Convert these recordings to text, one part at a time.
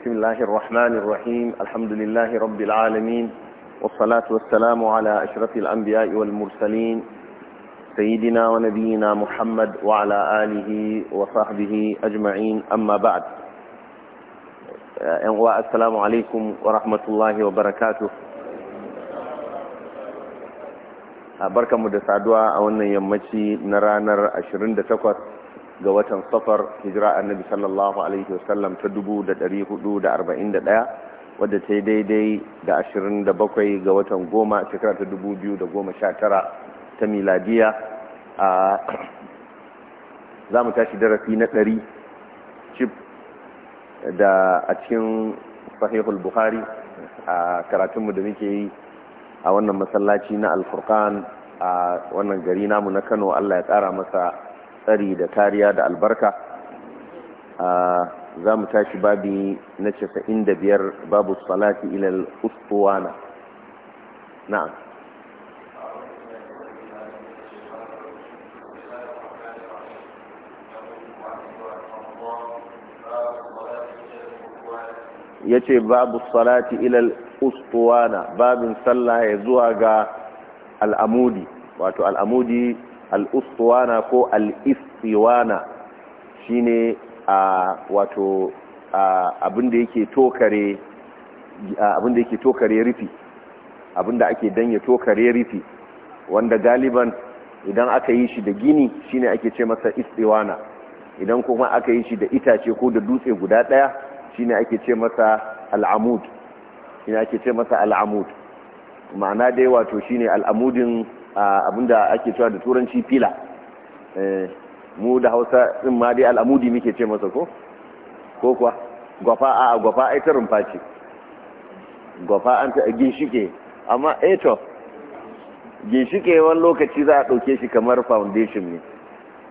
بسم الله الرحمن الرحيم الحمد لله رب العالمين والصلاة والسلام على أشرف الأنبياء والمرسلين سيدنا ونبينا محمد وعلى آله وصحبه أجمعين أما بعد السلام عليكم ورحمة الله وبركاته بركة da أولا يمشي wannan yammaci na ga watan safar hijira annabi sallallahu alaihi wasallam ta 1441 wadda ta yi daidai da 27 ga watan goma shekara ta 2019 ta miladiya a za mu tashi darasi na ɗari cif da a cikin sahihul Buhari a karatunmu da muke yi a wannan masallaci na alfurkan a wannan gari namu na kano allah ya tsara masa tsari da kariya da albarka za mu tashi babi na casa'in da biyar babu salati ilal ustuwana na'am ya ce babu salati ilal ustuwana babin sallah ya zuwa ga al'amudi wato al'amudi al'ustuwana ko al'istiwana shi ne a wato abinda yake tokare abinda yake tokare rufi da ake danye tokare rufi wanda galiban idan aka yi shi da gini shine ake ce masa istiwana idan kuma aka yi shi da itace ko da dutse guda daya shine ake ce masa al'amud shine ake ce masa al'amud ma'ana dai wato shine al'amudin abinda ake cewa da turanci fila eh, mu da hausa din ma dai al'amudi muke ce masa ko ko kuwa gwafa a gwafa ai ta rumfa ce gwafa an ta ginshike amma eh to ginshike wan lokaci za a ɗauke shi kamar foundation ne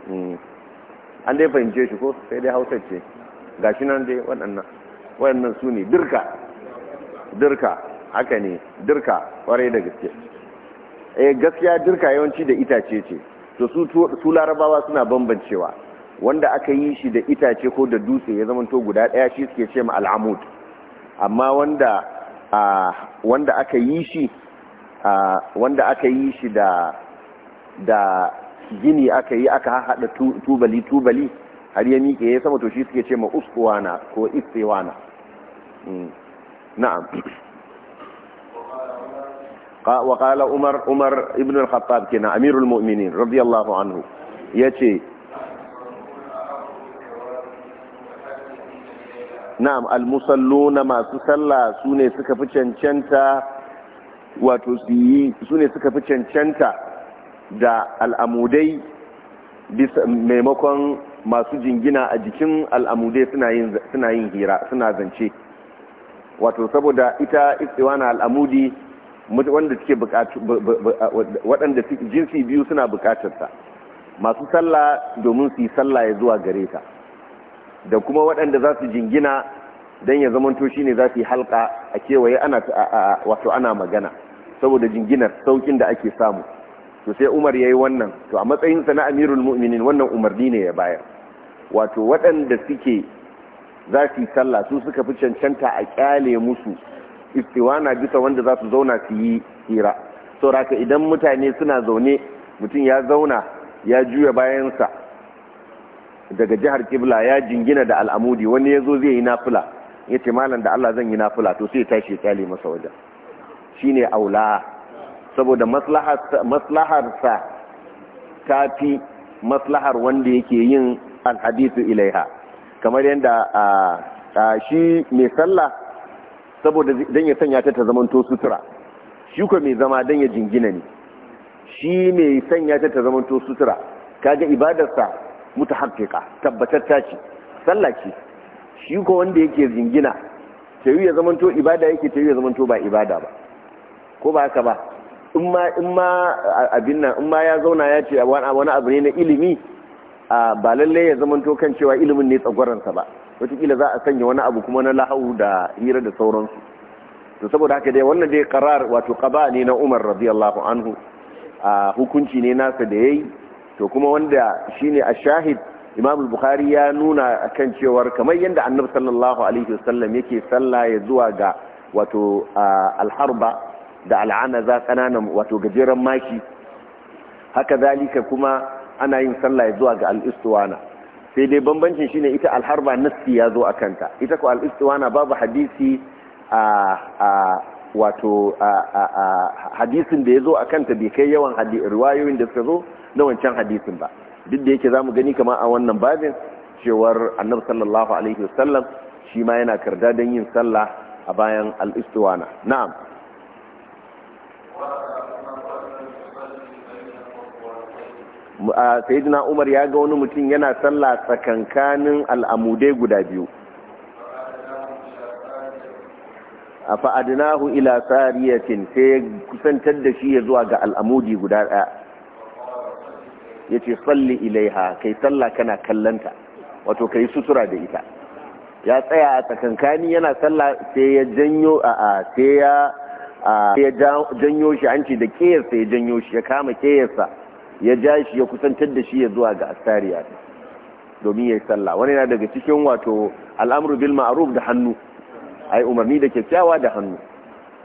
hmm. an dai fahimce shi ko sai dai hausa ce gashi nan dai waɗannan waɗannan su ne dirka dirka haka ne dirka ƙwarai da gaske eh gaskiya dirka yawanci da itace ce to su larabawa suna bambancewa wanda aka yi shi da itace ko da dutse ya zama to guda daya shi suke ce ma al'amud amma wanda aka yi shi wanda aka yi shi da gini aka yi aka haɗa tubali tubali har ya miƙe ya sama to shi suke ce ma uskuwana ko itsewana hmm. na'am wa qala umar umar ibn al-khattab kenan amirul mu'minin radiyallahu anhu yace na'am al-musalluna masu sallah sune suka fi cancanta wato su yi sune suka fi cancanta da al'amudai maimakon masu jingina a jikin al'amudai suna yin hira suna zance wato saboda ita istiwana al'amudi wanda suke waɗanda jinsi biyu suna bukatarsa masu sallah domin su yi sallah ya zuwa gare ta da kuma waɗanda za su jingina don ya zamanto shi ne za su yi halka a kewaye wato ana magana saboda jinginar saukin da ake samu to sai umar ya yi wannan to a matsayin na amirul mu'minin wannan umarni ne ya bayar wato waɗanda suke za su yi sallah su suka fi cancanta a kyale musu na bisa wanda za su zauna su yi hira sauraka idan mutane suna zaune mutum ya zauna ya juya bayansa daga jihar kibla ya jingina da al'amudi wani ya zo zai yi nafula ya ce malam da Allah zan yi nafula to sai tashi tsali masa wajen Shi ne aula saboda maslaharsa ta fi maslahar wanda yake yin alhadisu ilaiha kamar yadda shi mai sallah saboda don ya sanya ta ta to sutura shi ko mai zama don ya jingina ne shi mai sanya ta ta to sutura kaga ibadarsa mutahaqqiqa ta ce sallah ce shi kuwa wanda yake jingina ta yi ya to ibada yake ta yi ya to ba ibada ba ko ba haka ba in ma in ma abin nan in ma ya zauna ya ce wani abu ne na ilimi ba lalle ya to kan cewa ilimin ne tsagwaransa ba wataƙila za a sanya wani abu kuma na lahau da hira da sauransu to saboda haka dai wannan dai karar wato qaba ne na Umar radiyallahu anhu a hukunci ne nasa da yayi to kuma wanda shine ashahid Imam al-Bukhari ya nuna kan cewar kamar yanda Annabi sallallahu alaihi wasallam yake salla ya zuwa ga wato al-harba da al kananan wato gajeren maki haka zalika kuma ana yin sallah ya zuwa ga al-istiwana sai dai bambancin shine ita alharba nassi ya zo a kanta ita ko al'istuwana babu hadisi a wato hadisin da ya zo a kanta bai kai yawan riwayoyin da suka zo na wancan hadisin ba duk da yake za mu gani kama a wannan babin cewar annabi sallallahu alaihi wasallam shi ma yana karda don yin sallah a bayan al'istuwana na'am sayidina umar ya ga wani mutum yana sallah tsakankanin al'amudai guda biyu a fa'adinahu ila tsariyacin sai ya kusantar da shi ya zuwa ga al'amudi guda ɗaya ya ce tsalli ilaiha kai tsalla kana kallanta wato kai sutura da ita ya tsaya a tsakankani yana tsalla sai ya janyo a sai ya janyo shi an ce da keyarsa ya janyo shi ya kama keyarsa ya ja shi ya kusantar da shi ya zuwa ga astariya domin ya yi sallah wani yana daga cikin wato al'amur bil ma'ruf da hannu ai umarni da kyakkyawa da hannu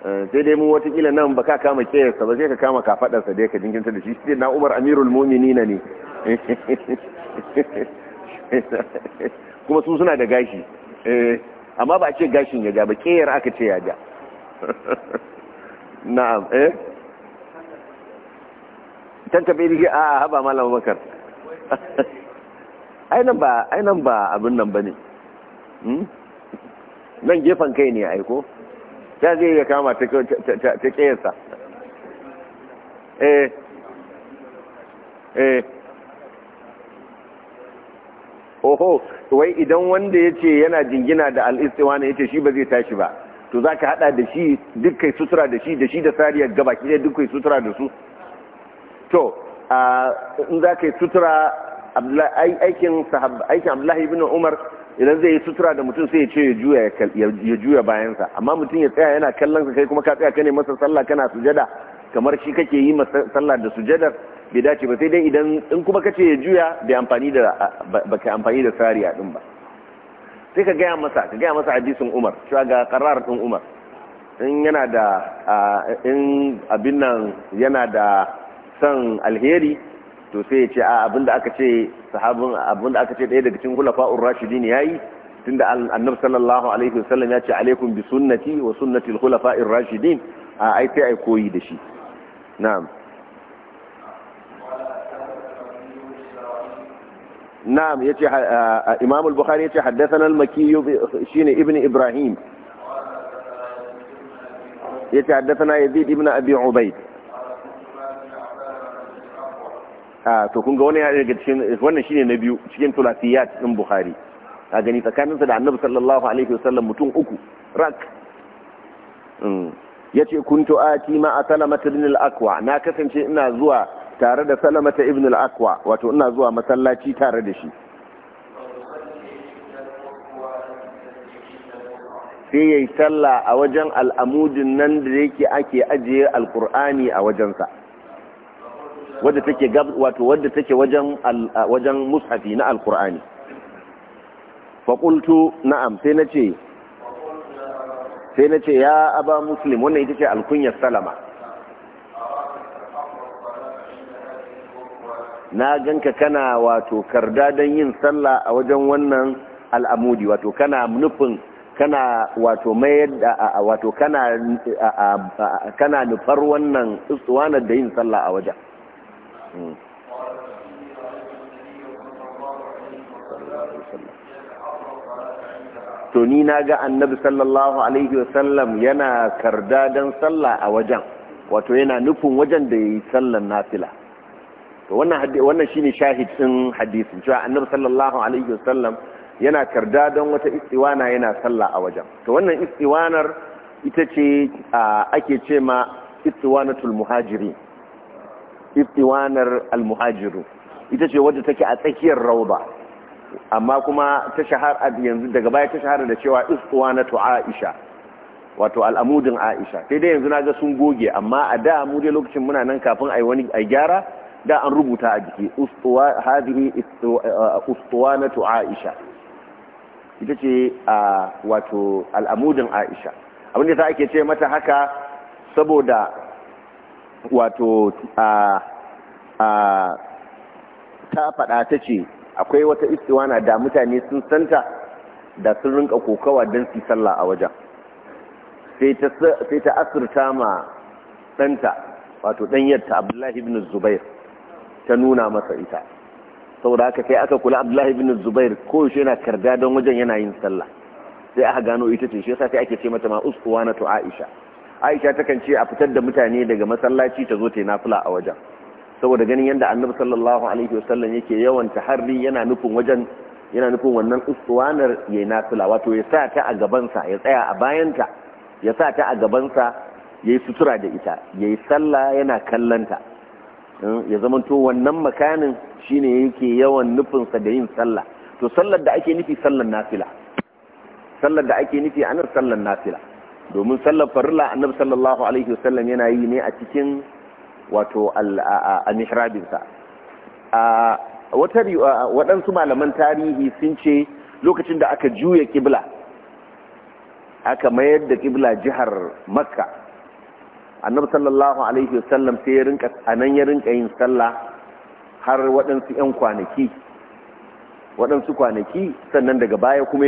eh, sai dai mu watakila nan ba ka kama kiyarsa ba sai ka kama kafadarsa dai ka jinkinta da shi sai na umar amirul mu'minina ne kuma su suna da gashi eh, amma ba a ce gashin ya ja ba kiyar aka ce ya ja na'am eh tantabe rike a haba malam bakar ainan ba ainan ba abin nan bane hmm? nan gefen kai ne aiko ta zai ya kama ta kiyarsa eh eh oho wai idan wanda ya ce yana jingina da al'istiwa ne ya ce shi ba zai tashi ba to za ka hada da shi dukkan sutura da shi da shi da sariyar gaba ki dukkan sutura da su to in za ka yi sutura aikin abdullahi ibn umar idan zai yi sutura da mutum sai ya ce ya juya bayansa amma mutum ya tsaya yana kallon sa kai kuma ka tsaya kane masa sallah kana sujada kamar shi kake yi masa sallah da sujadar bai dace ba sai dai idan in kuma ka ce ya juya bai amfani da tsari a ɗin ba sai ka gaya masa ka gaya masa hadisin Umar cewa ga karar din Umar in yana da in abin nan yana da son alheri to sai ya ce a abinda aka ce sahabin abinda aka ce ɗaya daga cikin hulafa'ur rashidin yayi tunda annabi sallallahu alaihi wasallam ya ce alaikum bi sunnati wa sunnati al-khulafa'ir rashidin a ai sai ai koyi da shi na'am na'am yace imam al-bukhari yace haddathana al-makki shine ibn ibrahim yace haddathana yazid ibn abi ubayd to kun ga wani ya daga cikin wannan shine na biyu cikin tulafiyat din bukhari a gani tsakaninsa da annabi sallallahu alaihi wasallam mutum uku rak mm. yace kuntu ati ma salamata ibn al-aqwa na kasance ina zuwa tare da salamata ibn al-aqwa wato ina zuwa masallaci tare da shi sai yayi sallah a wajen al'amudin nan da yake ake ajiye alqur'ani a wajensa wadda take wato wadda take wajen wajen mushafi na alqur'ani fa qultu na'am sai nace sai nace ya aba muslim wannan ita ce alkunyar salama na ganka kana wato karda don yin sallah a wajen wannan al'amudi wato kana nufin kana wato mayar da wato kana kana nufar wannan istuwanar da yin sallah a wajen to ni na ga annabi sallallahu alaihi wasallam yana karda don sallah a wajen wato yana nufin wajen da ya yi sallan nafila to wannan shine shahid din hadisin cewa annabi sallallahu alaihi wasallam yana karda don wata istiwana yana sallah a wajen to wannan istiwanar ita ce ake ce ma istiwanatul muhajiri istiwanar almuhajiru ita ce wadda take a tsakiyar rauba amma kuma ta shahara yanzu daga baya ta shahara da cewa iftiwanatu aisha wato al'amudin aisha sai dai yanzu naga sun goge amma a da mu dai lokacin muna nan kafin ai wani ai gyara da an rubuta a jiki ustuwa hadhihi eh, ustuwanatu aisha ita ce wato al'amudin aisha abinda ta ake ce mata haka saboda wato a a ta faɗa ta ce akwai wata istiwana da mutane sun santa da sun rinka kokawa don su sallah a wajen sai ta asirta ma ɗanta wato ɗanyarta abdullahi ibn zubair ta nuna masa ita saboda haka sai aka kula abdullahi ibn zubair shi yana karga don wajen yana yin sallah sai aka gano ita ce shi yasa sai ake ce mata ma uskuwa na to aisha aisha takan ce a fitar da mutane daga masallaci ta zo ta yi nafila a wajen saboda ganin yadda annabi sallallahu alaihi wasallam yake yawan taharri yana nufin wajen yana nufin wannan uswanar ya yi nafila wato ya sa ta a gabansa ya tsaya a bayanta ya sa ta a gabansa ya yi sutura da ita ya yi salla yana kallanta hmm, ya to wannan makanin shine yake yawan nufinsa da yin salla to sallar da ake nufi sallar nafila sallar da ake nufi anan sallar nafila domin sallar farilla annabi sallallahu alaihi wasallam yana yi ne a cikin wato al-mihrabinsa waɗansu malaman tarihi sun ce lokacin da aka juya kibla aka mayar da kibla jihar makka annabi sallallahu alaihi wasallam sai ya rinka anan ya rinka yin sallah har waɗansu 'yan kwanaki waɗansu kwanaki sannan daga baya kuma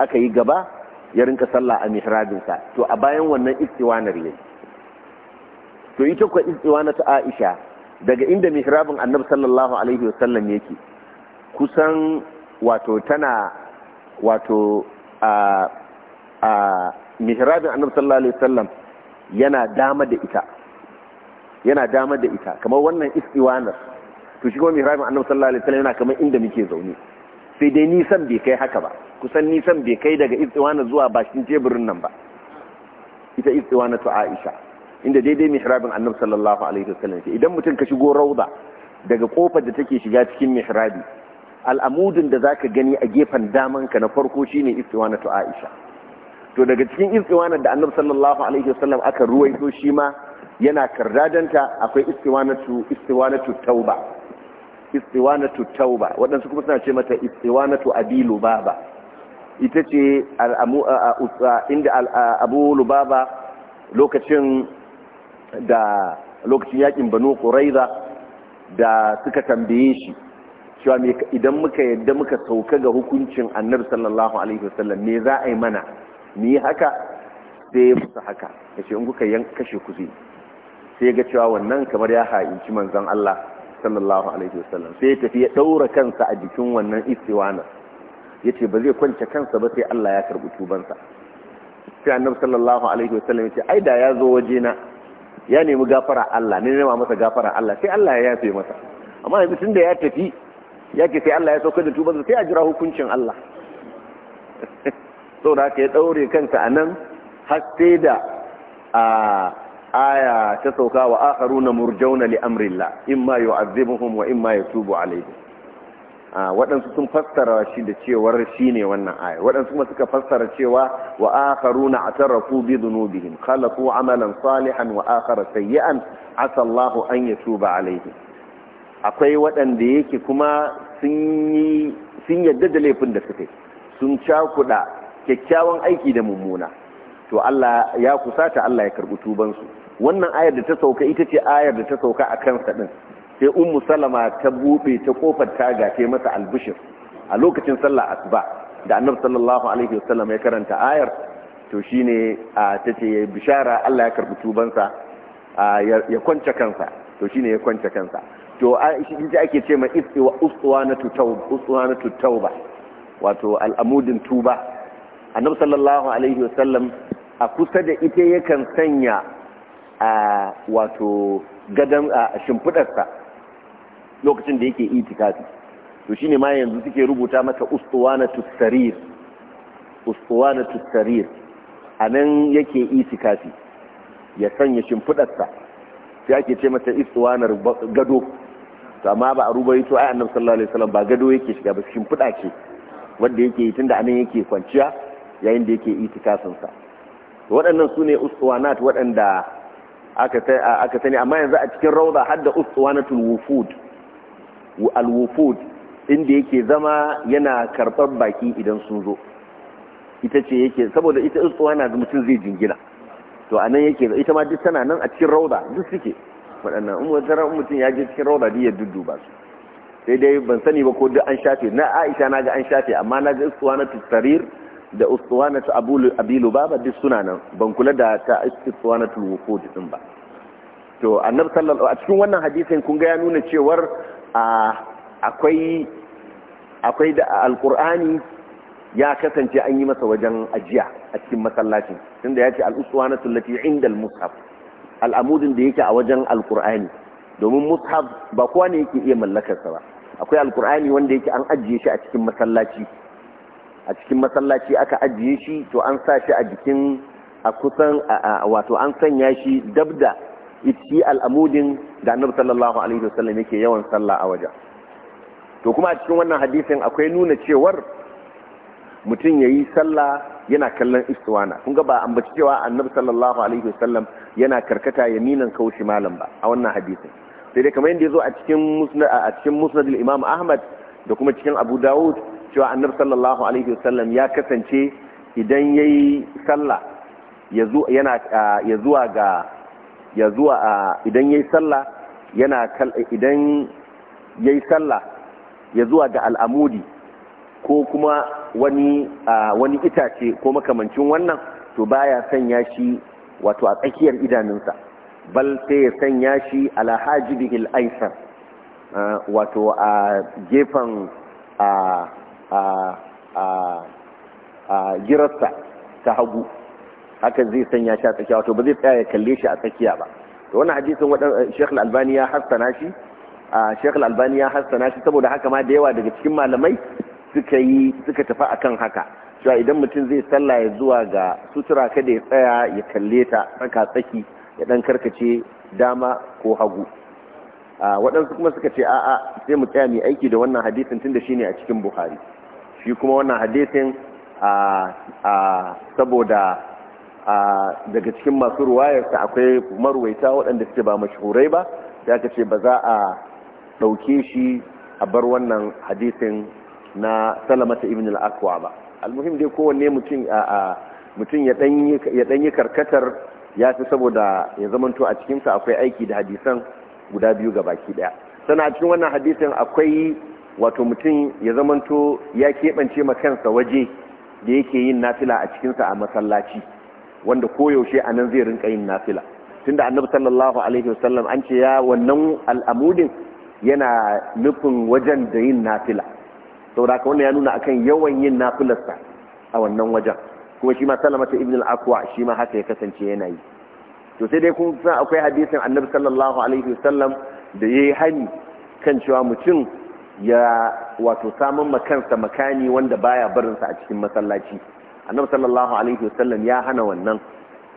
aka yi gaba ya rinka sallah a mihrabinsa to a bayan wannan istiwanar yayi to ita ko istiwana ta Aisha daga inda mihrabin Annabi sallallahu alaihi wasallam yake kusan wato tana wato a a mihrabin Annabi sallallahu alaihi wasallam yana dama da ita yana dama da ita kamar wannan istiwanar to shi kuma mihrabin Annabi sallallahu alaihi wasallam yana kamar inda muke zaune sai dai nisan bai kai haka ba kusan nisan bai kai daga istiwana zuwa bakin teburin nan ba ita istiwana ta Aisha inda daidai mihrabin annabu sallallahu alaihi wasallam ke idan mutum ka shigo rauda daga kofar da take shiga cikin mihrabi al'amudin da zaka gani a gefen daman ka na farko shine istiwana ta Aisha to daga cikin istiwana da annabu sallallahu alaihi wasallam aka ruwaito shi ma yana karradanta akwai istiwanatu istiwanatu tauba istiwanatu tauba waɗansu kuma suna ce mata istiwanatu abi lubaba ita ce inda abu lubaba lokacin da lokacin yakin banu ƙuraiza da suka tambaye shi cewa idan muka yadda muka sauka ga hukuncin annabi sallallahu alaihi wasallam me za a yi mana ni haka sai ya musu haka ya ce in kuka yan kashe kuzi sai ga cewa wannan kamar ya ha'inci manzon Allah sallallahu alaihi wasallam sai ya tafi ya daura kansa a jikin wannan istiwana yace ba zai kwance kansa ba sai Allah ya karbi tubansa sai annabi sallallahu alaihi wasallam yace ai da ya zo waje na ya nemi gafara Allah ne nema masa gafara Allah sai Allah ya yafe masa amma yanzu tunda ya tafi yake sai Allah ya sauka da tubansa sai a jira hukuncin Allah saboda haka ya daure kansa anan har sai da a aya ta sauka wa akharuna murjauna li amrillah imma yu'adhibuhum wa imma yatubu alaihim a ah, waɗansu sun fassara shi da cewar shi ne wannan aya waɗansu kuma suka fassara cewa wa akharuna atarafu bi dhunubihim khalaqu amalan salihan wa akhara sayyi'an asa Allahu an yatuba alaihim akwai waɗanda yake kuma sun yi sun yadda da laifin da suke sun cakuɗa kyakkyawan aiki da mummuna to Allah ya kusata Allah ya karɓi tubansu wannan ayar da ta sauka ita ce ayar da ta sauka a kansa ɗin, sai ummu salama ta buɗe ta ƙofar taga ta masa albishir a lokacin sallah asuba da annabi sallallahu alaihi wasallam ya karanta ayar to shine ta ce bishara Allah ya karɓi tubansa ya kwance kansa to shine ya kwance kansa to ita ake ce ma Ustuwa na tutau ba, wato al'amudin tuba annabi sallallahu alaihi wasallam a kusa da ita yakan sanya a wato gadon a shimfidarsa lokacin da yake itikafi to shine ma yanzu suke rubuta maka ustuwana tusarir ustuwana tusarir a nan yake itikafi ya sanya shimfidarsa sai ake ce mata istuwanar gado to amma ba a rubaito ai annabi sallallahu alaihi wasallam ba gado yake shiga ba shimfida ce wanda yake yi tunda anan yake kwanciya yayin da yake itikafin sa waɗannan su ne ustuwanat waɗanda aka sani amma yanzu a cikin rauda har da ustuwanatul wufud al wufud inda yake zama yana karɓar baki idan sun zo ita ce yake saboda ita na da mutum zai jingina to anan yake ita ma duk tana nan a cikin rauda duk suke waɗannan in wata mutum ya je cikin rauda duk ya dudduba su sai dai ban sani ba ko duk an shafe na aisha na ga an shafe amma na ga na tutarir. da ustuwanatu abilu baba duk suna nan ban kula da ta ustuwanatu wufud din ba to annab sallallahu a cikin wannan hadisin kun ga ya nuna cewar akwai akwai da alqur'ani ya kasance an yi masa wajen ajiya a cikin masallacin tunda yace al-ustuwanatu allati inda al-mushaf al'amudin da yake a wajen alqur'ani domin mushaf ba kowa ne yake iya mallakarsa ba akwai alqur'ani wanda yake an ajiye shi a cikin masallaci a cikin masallaci aka ajiye shi to an sa shi a jikin a kusan wato an sanya shi dabda itci al'amudin da annabi sallallahu alaihi wasallam yake yawan sallah a wajen to kuma a cikin wannan hadisin akwai nuna cewar mutum yayi sallah yana kallon istiwana kun ga ba ambaci cewa annabi sallallahu alaihi wasallam yana karkata yaminan kaushi malam ba a wannan hadisin sai dai kamar yadda yazo a cikin musnad a cikin musnad al-imam ahmad da kuma cikin abu dawud cewa annab sallallahu alaihi wasallam ya kasance idan yayi sallah ya zuwa yana ya zuwa ga ya zuwa idan yayi sallah yana idan yayi sallah ya zuwa ga al'amudi ko kuma wani wani itace ko makamancin wannan to baya sanya shi wato a tsakiyar idanunsa bal sai ya sanya shi ala hajibihil aisar wato a gefen a girarsa ta hagu haka zai sanya shi a tsakiya wato ba zai tsaya ya kalle shi a tsakiya ba to wannan hadisin wadan eh, Sheikh Al-Albani ya hassana shi a Sheikh Al-Albani ya hassana shi saboda haka ma da yawa daga cikin malamai suka yi suka tafi akan haka cewa idan mutum zai sallah ya zuwa ga sutura kada ya tsaya ya kalle ta tsaka tsaki ya dan karkace dama ko hagu waɗansu kuma suka ce a'a sai mu tsaya mu aiki da wannan hadisin tun da shi ne a cikin buhari shi kuma wannan hadisin saboda daga cikin masu ruwayarsa akwai marwaita waɗanda suke ba mashahurai ba ya ka ce ba za a ɗauke shi a bar wannan hadisin na salamata ibn al-akwa ba almuhim dai kowanne mutum ya ɗanyi karkatar ya fi saboda ya zamanto a cikinsa akwai aiki da hadisan guda biyu ga baki ɗaya sana cikin wannan hadisin akwai wato mutum ya zamanto ya keɓance makansa waje da yake yin nafila a cikinsa a masallaci wanda koyaushe a nan zai rinka yin nafila tunda annabi sallallahu alaihi wasallam an ce ya wannan al'amudin yana nufin wajen da yin nafila saboda ka wannan ya nuna akan yawan yin nafilarsa a wannan wajen kuma shi ma salamata ibn al-aqwa shi ma haka ya kasance yana yi to sai dai kun san akwai hadisin annabi sallallahu alaihi wasallam da yayi hani kan cewa mutum ya wato samun makansa makani wanda baya barinsa a cikin masallaci annabi sallallahu alaihi wasallam ya hana wannan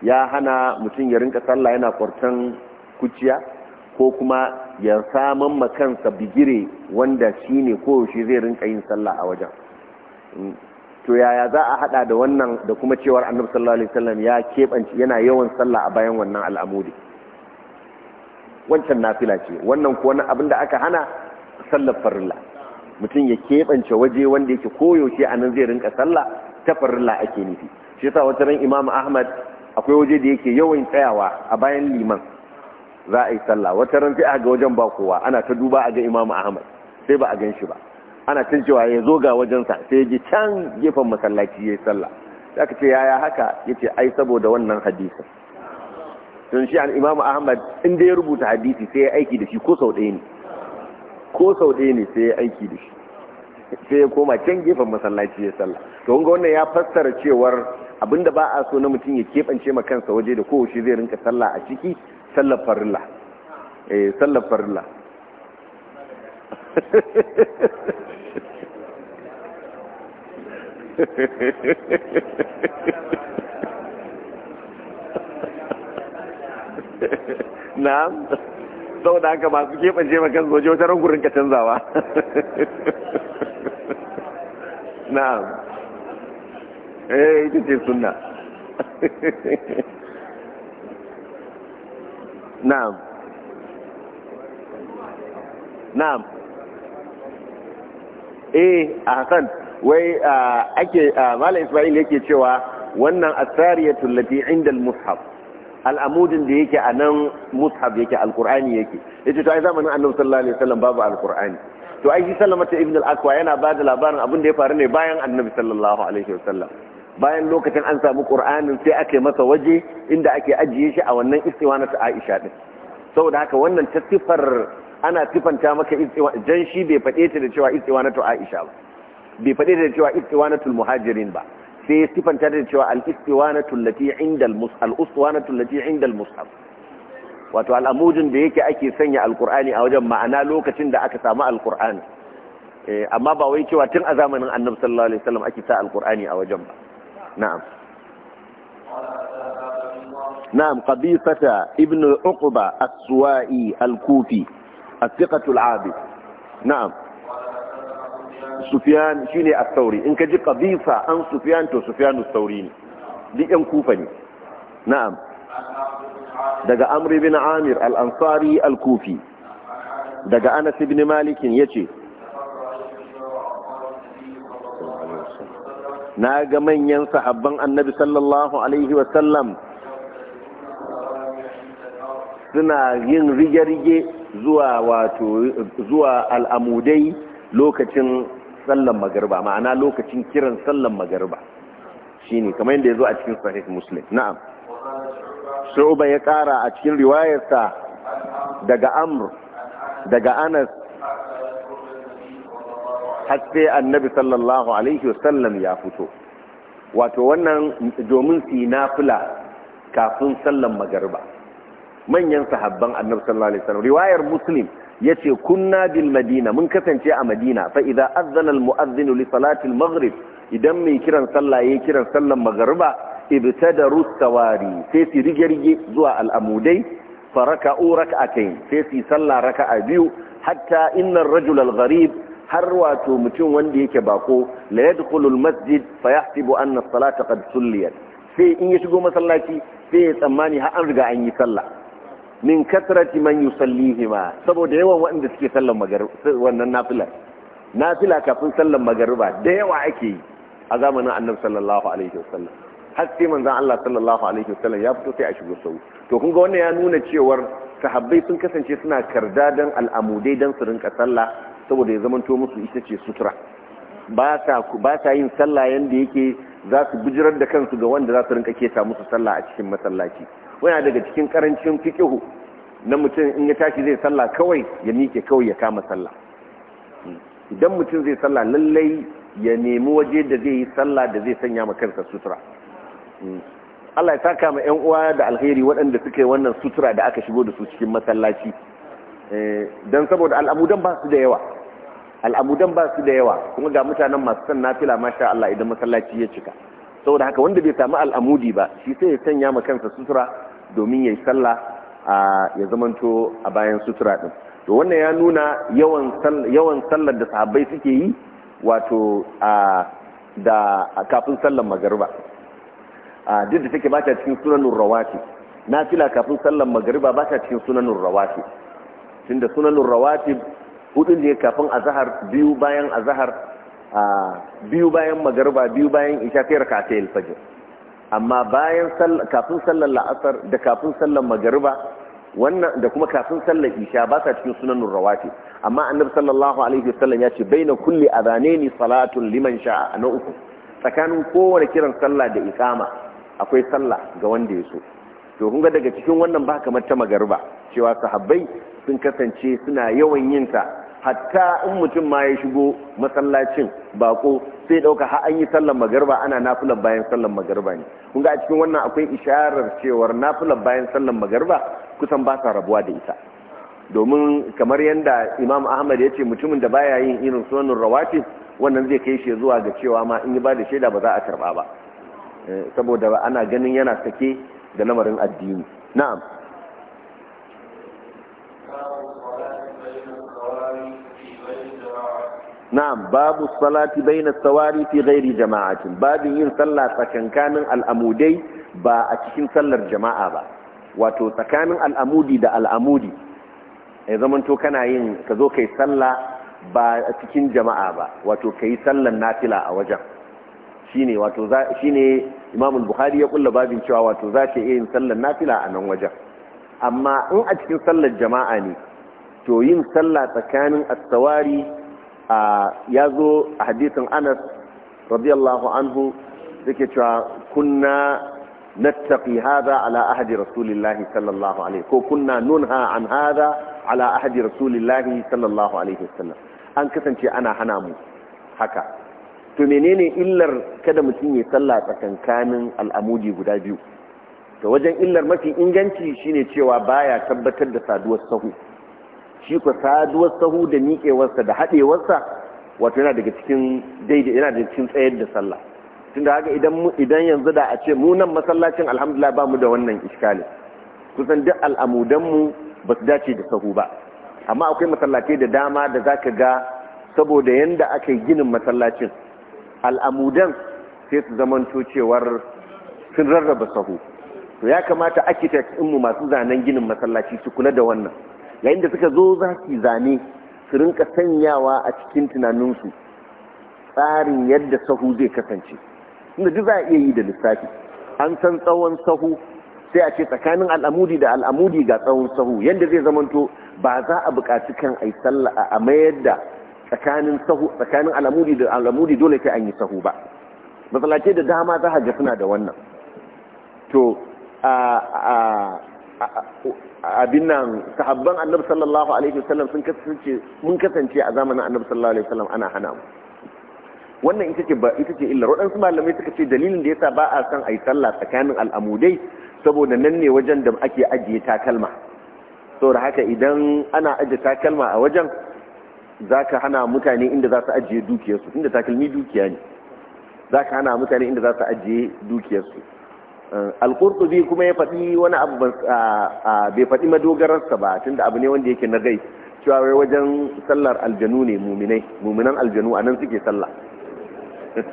ya hana mutum ya rinka sallah yana kwartan kuciya ko kuma ya samun makansa bigire wanda shine koyaushe zai rinka yin sallah a wajen mm. to yaya za a hada da wannan da kuma cewar annabi sallallahu alaihi wasallam ya kebanci yana yawan sallah a bayan wannan al'amudi wancan nafila ce wannan ko wani abin da aka hana sallar farilla mutum ya keɓance waje wanda yake koyaushe a nan zai rinka sallah ta farilla ake nufi shi yasa wata ran imamu ahmad akwai waje da yake yawan tsayawa a bayan liman za a yi sallah wata ran sai a ga wajen ba kowa ana ta duba a ga imamu ahmad sai ba a gan shi ba ana tun cewa ya zo ga wajensa sai ya ji can gefen masallaci ya yi sallah sai aka ce yaya haka ya ce ai saboda wannan hadisin tun shi an imamu ahmad in dai ya rubuta hadisi sai ya aiki da shi ko sau ɗaya ne ko sau ɗaya ne sai ya aiki da shi sai ya koma can gefen masallaci ya sallah to kun ga wannan ya fassara cewar abinda ba a so na mutum ya keɓance ma kansa waje da kowace zai rinka sallah a ciki sallar farilla eh sallar farilla na'am saboda haka masu keɓance makan zoje wata rangurin ka canzawa na'am eh ita ce sunna na'am na'am eh a hasan wai ake malam ismail yake cewa wannan asariyatul lati inda al-mushaf al'amudin da yake a nan mushaf yake alkur'ani yake yace to ai zamanin annabi sallallahu alaihi wasallam babu alkur'ani to ai sallama ta ibn al-aqwa yana ba da labarin abin da ya faru ne bayan annabi sallallahu alaihi wasallam bayan lokacin an samu qur'anin sai ake masa waje inda ake ajiye shi a wannan istiwa na ta Aisha din saboda haka wannan ta sifar ana sifanta maka istiwa jan shi bai fade ta da cewa istiwa na ta Aisha ba bai fade ta da cewa istiwa na tul muhajirin ba sai sifanta da cewa al-istiwanatu allati inda al-uswanatu inda al wato al'amujin da yake ake sanya alkur'ani a wajen ma'ana lokacin da aka samu alkur'ani eh, amma ba wai cewa tun a zamanin annabi sallallahu alaihi wasallam ake sa alkur'ani a wajen ba na'am na'am qabisata ibn uqba as-suwa'i al-kufi as-siqatu al-abid na'am sufiyan shine as-sauri in ka ji qadisa an sufiyan to sufiyan as-sauri ne duk yan kufa ne na'am daga amr bin amir al-ansari al-kufi daga anas ibn malik yace na ga manyan sahabban annabi sallallahu alaihi wa sallam suna yin rige-rige zuwa al'amudai lokacin sallan magariba ma'ana lokacin kiran sallan magariba shine kamar yadda yazo a cikin sahih muslim na'am shuba ya kara a cikin riwayarsa daga amr daga anas har annabi sallallahu alaihi wasallam ya fito wato wannan domin su yi nafila kafin sallan magariba manyan sahabban annabi sallallahu alaihi wasallam riwayar muslim ce kunna bil madina mun kasance a madina fa idza azzana al mu'adhdhin li salati al maghrib idan mai kiran sallah yayin kiran sallan magriba ibtadaru tawari sai su rige rige zuwa al amudai fa raka'u rak'atayn sai su sallah raka'a biyu hatta inna ar rajul al gharib har wato mutum wanda yake bako la yadkhulu al masjid fa yahsibu anna as salata qad sulliyat sai in ya shigo masallaci sai ya tsammani har an riga an yi sallah min kasrati man yusallihima saboda yawan waɗanda suke sallan wannan nafila nafila kafin sallan magariba da yawa ake yi a zamanin annabi sallallahu alaihi wasallam har sai manzon Allah sallallahu alaihi wasallam ya fito sai a shigo sau to kun ga wannan ya nuna cewar sahabbai sun kasance suna karda dan al'amudai dan su rinka sallah saboda ya zamanto musu ita ce sutura ba sa ba sa yin sallah yanda yake za su bijirar da kansu ga wanda za su rinka keta musu sallah a cikin masallaci Wana daga cikin karancin fikihu na mutum in ya tashi zai salla kawai ya miƙe kawai ya kama sallah idan mutum zai sallah lallai ya nemi waje da zai yi salla da zai sanya ma kansa sutura Allah ya saka ma ƴan uwa da alheri waɗanda suka yi wannan sutura da aka shigo da su cikin masallaci eh, dan saboda al'amudan ba su da yawa al'amudan ba su da yawa kuma ga mutanen masu san nafila masha Allah idan masallaci ya cika saboda haka wanda bai samu al'amudi ba shi sai ya sanya ma kansa sutura domin ya yi sallah ya zamanto a bayan sutura ɗin to wannan ya nuna yawan sallar da sahabbai suke yi wato da kafin sallar magariba duk da take ba ta cikin sunanin rawati na fila kafin sallar magariba ba ta cikin sunanin rawati tun da sunanin rawati hudun ne kafin azahar biyu bayan azahar biyu bayan magariba biyu bayan isha fiyar ka ta yi alfajir amma bayan kafin sallar la'asar da kafin sallar magariba wannan da kuma kafin sallar isha ba sa cikin sunan rawati amma annabi sallallahu alaihi wasallam ya ce baina kulli adhanaini salatun liman sha'a na uku tsakanin kowane kiran sallah da iqama akwai sallah ga wanda ya so to kun ga daga cikin wannan ba kamar ta magariba cewa sahabbai sun kasance suna yawan yin ta hatta in mutum ma ya shigo masallacin bako sai dauka har an yi sallar magarba ana nafilan bayan sallar magarba ne kun ga a cikin wannan akwai isharar cewar nafilan bayan sallar magarba kusan ba sa rabuwa da ita domin kamar yadda imam ahmad ya ce mutumin da baya yin irin sunan rawatib wannan zai kai shi zuwa ga cewa ma in yi ba da shaida ba za a karba ba eh, saboda ana ganin yana sake da lamarin addini na'am na'am babu salati baina tsawari fi ghairi jama'atin babin yin sallah tsakankanin al'amudai ba a cikin sallar jama'a ba wato tsakanin al'amudi da al'amudi ya zamanto kana yin ka zo kai sallah ba a cikin jama'a ba wato kai sallar nafila a wajen shine wato shine Imam Bukhari ya kulla babin cewa wato za ka yin sallar nafila a nan wajen amma in a cikin sallar jama'a ne to yin sallah tsakanin as-sawari ya zo a hadithin anas radiyallahu anhu suke cewa kunna na tafi hada ala ahadi rasulillahi sallallahu alaihi ko kunna nun ha an hada ala ahadi rasulillahi sallallahu alaihi wasallam an kasance ana hana mu haka to menene illar kada mutum ya salla tsakankanin al'amudi guda biyu to wajen illar mafi inganci shine cewa baya tabbatar da saduwar sahu shi ku saduwar sahu da miƙewarsa da haɗewarsa wato yana daga cikin daidai yana daga cikin tsayar da sallah tun da haka idan idan yanzu da a ce mu nan masallacin alhamdulillah ba mu da wannan iskali kusan duk al'amudan mu ba su dace da sahu ba amma akwai masallatai da dama da zaka ga saboda yanda aka yi ginin masallacin al'amudan sai su zamanto cewar sun rarraba sahu to ya kamata architect mu masu zanen ginin masallaci su kula da wannan yayin da suka zo za su zane su rinka sanyawa a cikin tunaninsu tsarin yadda sahu zai kasance inda duk za a iya yi da lissafi an san tsawon sahu sai a ce tsakanin al'amudi da al'amudi ga tsawon sahu yadda zai zamanto ba za a buƙaci kan a yi sallah a mayar da tsakanin sahu tsakanin al'amudi da al'amudi dole sai an yi sahu ba masalace da dama za a ga suna da wannan to abin nan sahabban annabi sallallahu alaihi wasallam sun kasance mun kasance a zamanin annabi sallallahu alaihi wasallam ana hana mu wannan ita ce ba ita ce illar waɗansu malamai suka ce dalilin da yasa ba a san ayi sallah tsakanin al'amudai saboda nan ne wajen da ake ajiye takalma saboda haka idan ana ajiye takalma a wajen zaka hana mutane inda za su ajiye dukiyarsu inda takalmi dukiya ne zaka hana mutane inda za su ajiye dukiyarsu al kuma ya faɗi wani abu bai faɗi madogararsa ba tunda abu ne wanda yake na gai cewa wai wajen sallar aljanu ne muminai muminan aljanu a nan suke sallah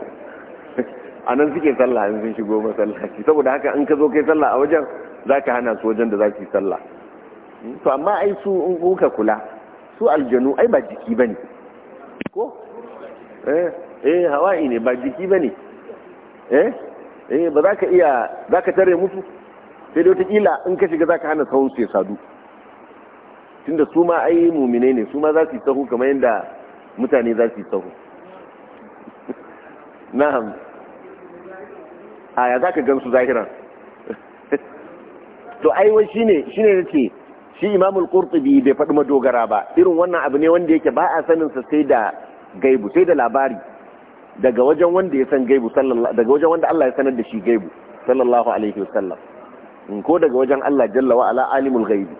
nan suke sallah in sun shigo masallaci saboda haka in ka zo kai sallah a wajen za ka hana su wajen da za ki sallah to amma ai su in kuka kula su aljanu ai ba jiki ba ne, ko eh eh hawa'i ne ba jiki ba ne, eh eh ba za ka iya za ka tare musu sai dai wataƙila in ka shiga za ka hana sahun su ya sadu tunda su ma ai mumine ne su ma za su yi sahu kamar yadda mutane za su yi sahu na'am a ya za ka gan su zahiran to ai wai shine shine nake shi imamul qurtubi bai faɗi madogara ba irin wannan abu ne wanda yake ba a sanin sa sai da gaibu sai da labari daga wajen wanda ya san gaibu sallallahu daga wajen wanda Allah ya sanar da shi gaibu sallallahu alaihi wasallam in ko daga wajen Allah jalla wa ala alimul ghaibi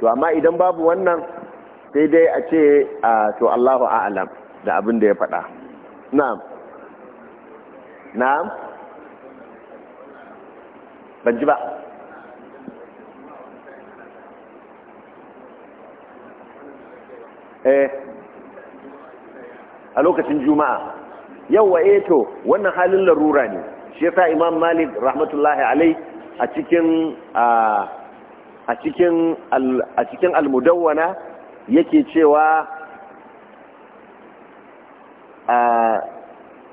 to amma idan babu wannan sai dai a ce to Allahu a'lam da abin da ya faɗa na'am na'am ban ji ba eh a lokacin juma'a yawa eh to wannan halin larura ne shi yasa imam malik rahmatullahi alai a cikin a cikin a cikin almudawwana yake cewa a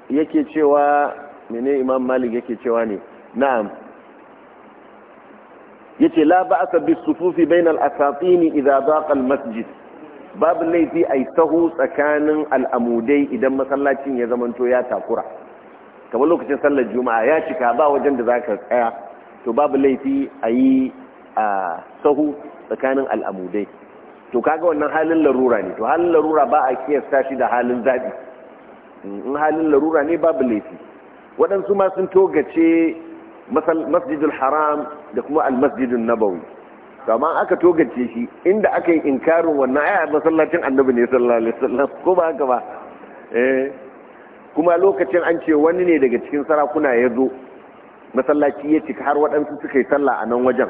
yake cewa mene imam malik yake cewa ne na'am yace la ba'sa bis sufufi bainal asatini idza daqa al masjid babu laifi a yi sahu tsakanin al'amudai idan masallacin ya zamanto ya takura kamar lokacin sallar juma'a ya cika ba wajen da za ka tsaya to babu laifi a yi a sahu tsakanin al'amudai to kaga wannan halin larura ne to halin larura ba a kiyasta shi da halin zaɓi in halin larura ne babu laifi waɗansu ma sun togace masjidul haram da kuma almasjidul nabawi kama aka togace shi inda aka yi inkarin wannan ayyar masallacin annabi ne sallallahu ko ba haka eh. kuma lokacin an ce wani ne daga cikin sarakuna ya zo masallaci ya cika har waɗansu suka yi sallah a nan wajen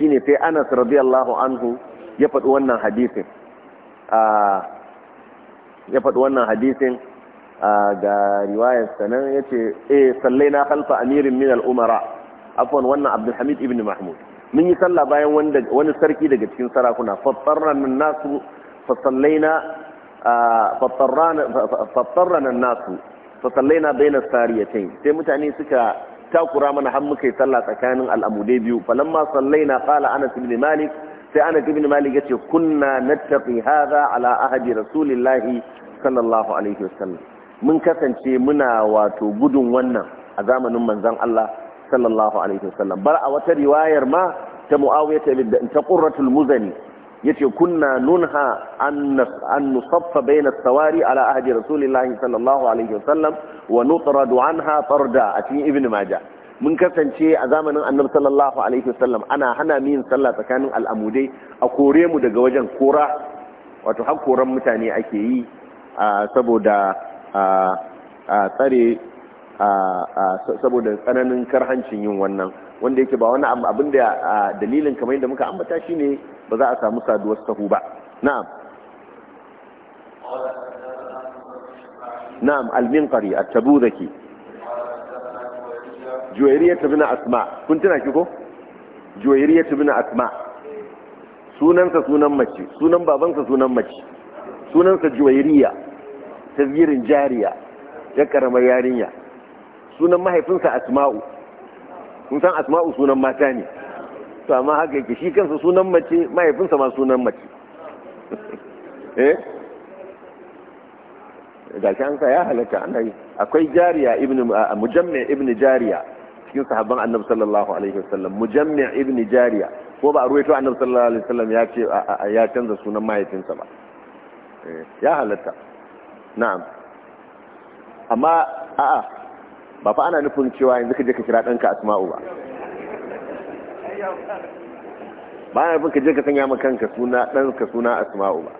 shine sai Anas radiyallahu anhu ya faɗi wannan hadisin ya faɗi wannan hadisin ga riwayar sanan ya ce eh sallai na halfa amirin min al'umara afon wannan abdulhamid ibn mahmud mun yi sallah bayan wani sarki daga cikin sarakuna fattarranan nasu fasallaina fattarranan nasu fasallaina bainas sariyatain sai mutane suka takura mana har muka yi sallah tsakanin al'amudai biyu falamma sallaina qala anas ibn malik sai anas ibn malik yace kunna nattaqi hadha ala ahadi rasulillahi sallallahu alaihi wasallam mun kasance muna wato gudun wannan a zamanin manzon Allah sallallahu alaihi wasallam bar a wata riwayar ma ta muawiya ta ibn ta qurratul muzani yace kunna nunha an an nusaffa bayna sawari ala ahdi rasulillahi sallallahu alaihi wasallam wa nutradu anha farda a cikin ibn majah mun kasance a zamanin annabi sallallahu alaihi wasallam ana hana mu sallah tsakanin al'amudai a kore mu daga wajen kora wato hakoran mutane ake yi saboda tsare saboda tsananin karhancin yin wannan wanda yake ba wani abin da dalilin kamar yadda muka ambata shi ne ba za a samu saduwar sahu ba na'am na'am alminqari at ya juwairiyat ibn asma kun tuna ki ko juwairiyat ibn asma sunansa sunan mace sunan babansa sunan mace sunansa juwairiya zirin jariya ya karama yarinya sunan mahaifinsa asma'u kun san asma'u sunan mata ne to amma haka yake shi kansa sunan mace mahaifinsa ma sunan mace eh da shi an sa ya halatta ana yi akwai jariya ibn mujammi ibn jariya cikin sahabban annabi sallallahu alaihi wasallam mujammi ibn jariya ko ba a ruwaito annabi sallallahu alaihi wasallam ya ce ya canza sunan mahaifinsa ba eh, ya halatta na'am amma a'a ba fa ana nufin cewa yanzu ka je ka kira ɗanka asma'u ba ba ana nufin ka je ka sanya ma kanka suna ɗanka suna asma'u ba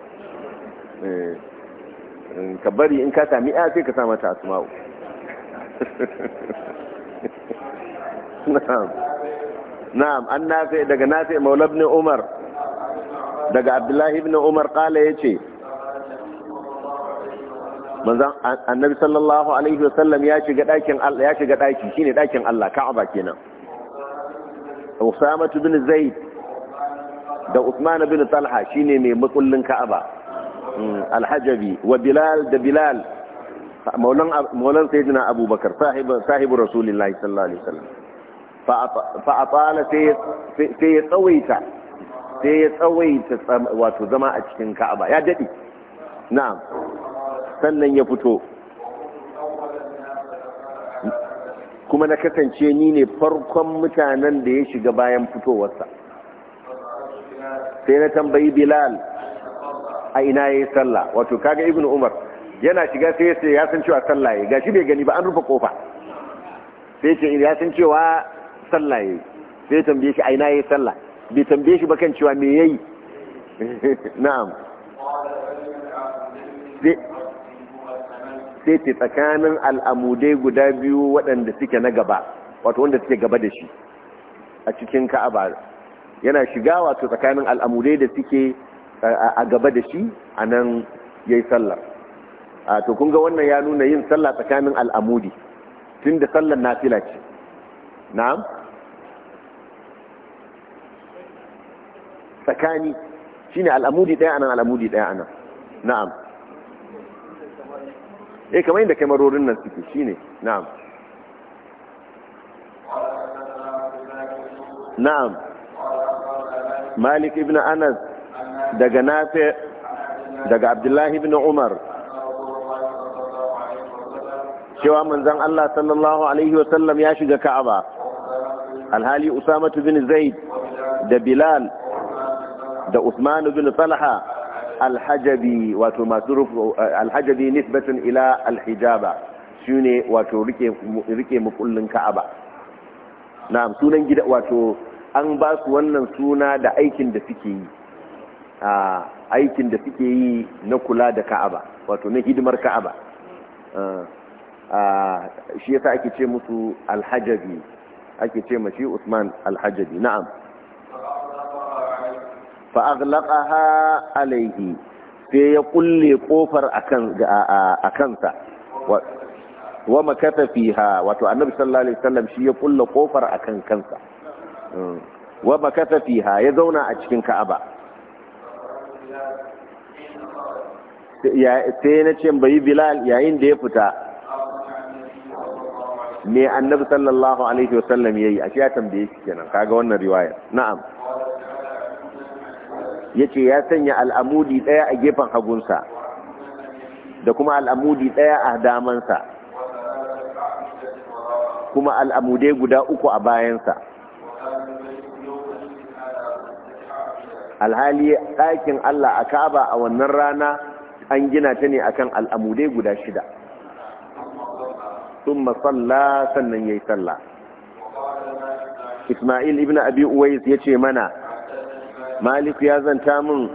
eh, ka bari in ka sami ya sai ka sa mata asma'u na'am na'am an nafi daga nafi maula umar daga abdullahi ibn umar ya ce. manzon annabi sallallahu alaihi wasallam ya shiga dakin Allah ya shiga daki shine dakin Allah Ka'aba kenan Usama bin Zaid da Uthman bin Talha shine mai makullin Ka'aba hmm, Al-Hajabi wa Bilal da Bilal maulan maulan sayyidina Abubakar sahibi sahibi Rasulullahi sallallahu alaihi wasallam fa atala sai ya tsawaita sai ya tsawaita wato zama a cikin Ka'aba ya dade na'am sannan ya fito kuma na kasance ni ne farkon mutanen da ya shiga bayan fitowarsa sai na tambayi bilal a ina ya yi sallah wato kaga ibn umar yana shiga sai sai ya san cewa tsalla ya gashi bai gani ba an rufe kofa sai ce ya san cewa tsalla ya sai tambaye shi a ina ya yi sallah bai tambaye shi bakan cewa me yayi na'am sai ce tsakanin al'amudai guda biyu waɗanda suke na gaba wato wanda suke gaba da shi a cikin ka'aba yana shiga wato tsakanin al'amudai da suke a gaba da shi a nan ya yi sallar to kun ga wannan ya nuna yin sallah tsakanin al'amudi tun da sallar fila ce na'am tsakani ne al'amudi ɗaya anan al'amudi ɗaya anan na'am ايه كمان ده كمرور لنا السكوشيني نعم نعم مالك ابن انس دق نافع دق عبد الله بن عمر شو من زن الله صلى الله عليه وسلم ياشق الكعبه الهالي اسامة بن زيد ده بلال ده عثمان بن طلحه alhajabi wato masu rufu alhajabi nisbatun ila alhijaba shi ne wato rike rike mukullin ka'aba na sunan gida wato an ba su wannan suna da aikin da suke yi a aikin da suke yi na kula da ka'aba wato na hidimar ka'aba shi yasa ake ce musu alhajabi ake ce mashi Usman alhajabi na'am fa aghlaqaha alaihi sai ya kulle kofar akan a kansa wa makata fiha wato annabi sallallahu alaihi wasallam shi ya kulle kofar akan kansa mm. wa makata fiha ya zauna a cikin ka'aba sai na ce bai bilal yayin da ya fita me annabi sallallahu alaihi wasallam yayi a shi ya tambaye shi kenan kaga wannan riwaya na'am yace ya sanya al'amudi daya a gefen hagunsa da kuma al'amudi daya a damansa kuma al'amude guda uku a bayansa alhali ɗakin Allah a Ka'aba a wannan rana an gina ta ne akan al'amude guda shida sun masalla sannan ya yi salla Ismail ibn Abi Uwais ya ce mana malik ya zanta min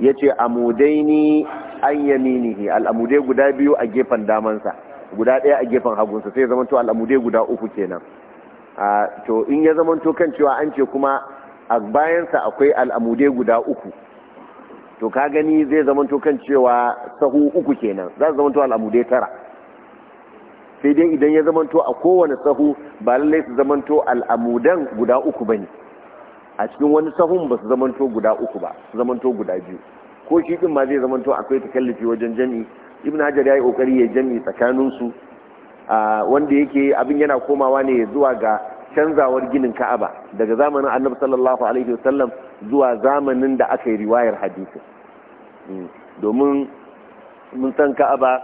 ya ce amudai ni an yaminihi al'amudai guda biyu a gefen damansa guda ɗaya a gefen hagunsa sai zamanto al'amudai guda uku kenan to in ya zamanto kan cewa an ce kuma a bayansa akwai al'amudai guda uku to ka gani zai zamanto kan cewa sahu uku kenan za su zamanto al'amudai tara sai dai idan ya zamanto a kowane sahu ba lallai su zamanto al'amudan guda uku ba ne a cikin wani sahun ba su zamanto guda uku ba su zamanto guda biyu ko shi din ma zai zamanto akwai takallufi wajen jami'i ibn hajar ya yi kokari ya jam'i tsakanin su wanda yake abin yana komawa ne zuwa ga canzawar ginin ka'aba daga zamanin annabi sallallahu alaihi wasallam zuwa zamanin da aka yi riwayar hadisi hmm, domin mun san ka'aba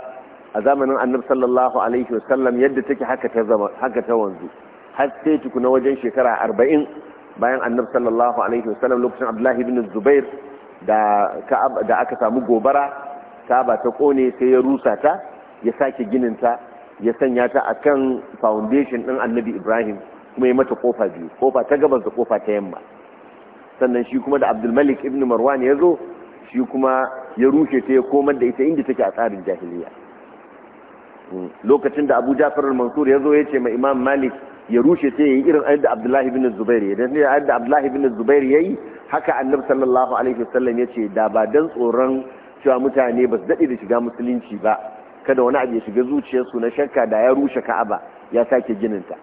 a zamanin annabi sallallahu alaihi wasallam yadda take haka ta zama haka ta wanzu har sai tukuna wajen shekara arba'in bayan annabi sallallahu alaihi wasallam lokacin abdullahi ibn zubair da aka samu gobara ba ta kone sai ya rusa ta ya sake ginin ta ya sanya ta akan foundation din annabi ibrahim kuma ya mata kofa biyu kofa ta gabas da kofa ta yamma sannan shi kuma da Abdulmalik malik ibn marwan ya zo shi kuma ya rushe ta ya komar da ita inda take a tsarin jahiliya lokacin da abu jafar al-mansur ya zo ya ce ma imam malik ya rushe sai ya yi irin ayyadda abdullahi bin zubair ya dan ayyar ayyadda abdullahi bin zubair ya yi haka annabi sallallahu alaihi wasallam ya ce da ba dan tsoron cewa mutane ba su daɗe da shiga musulunci ba kada wani abu ya shiga zuciyarsu na shakka da ya rushe ka'aba ya sake gininta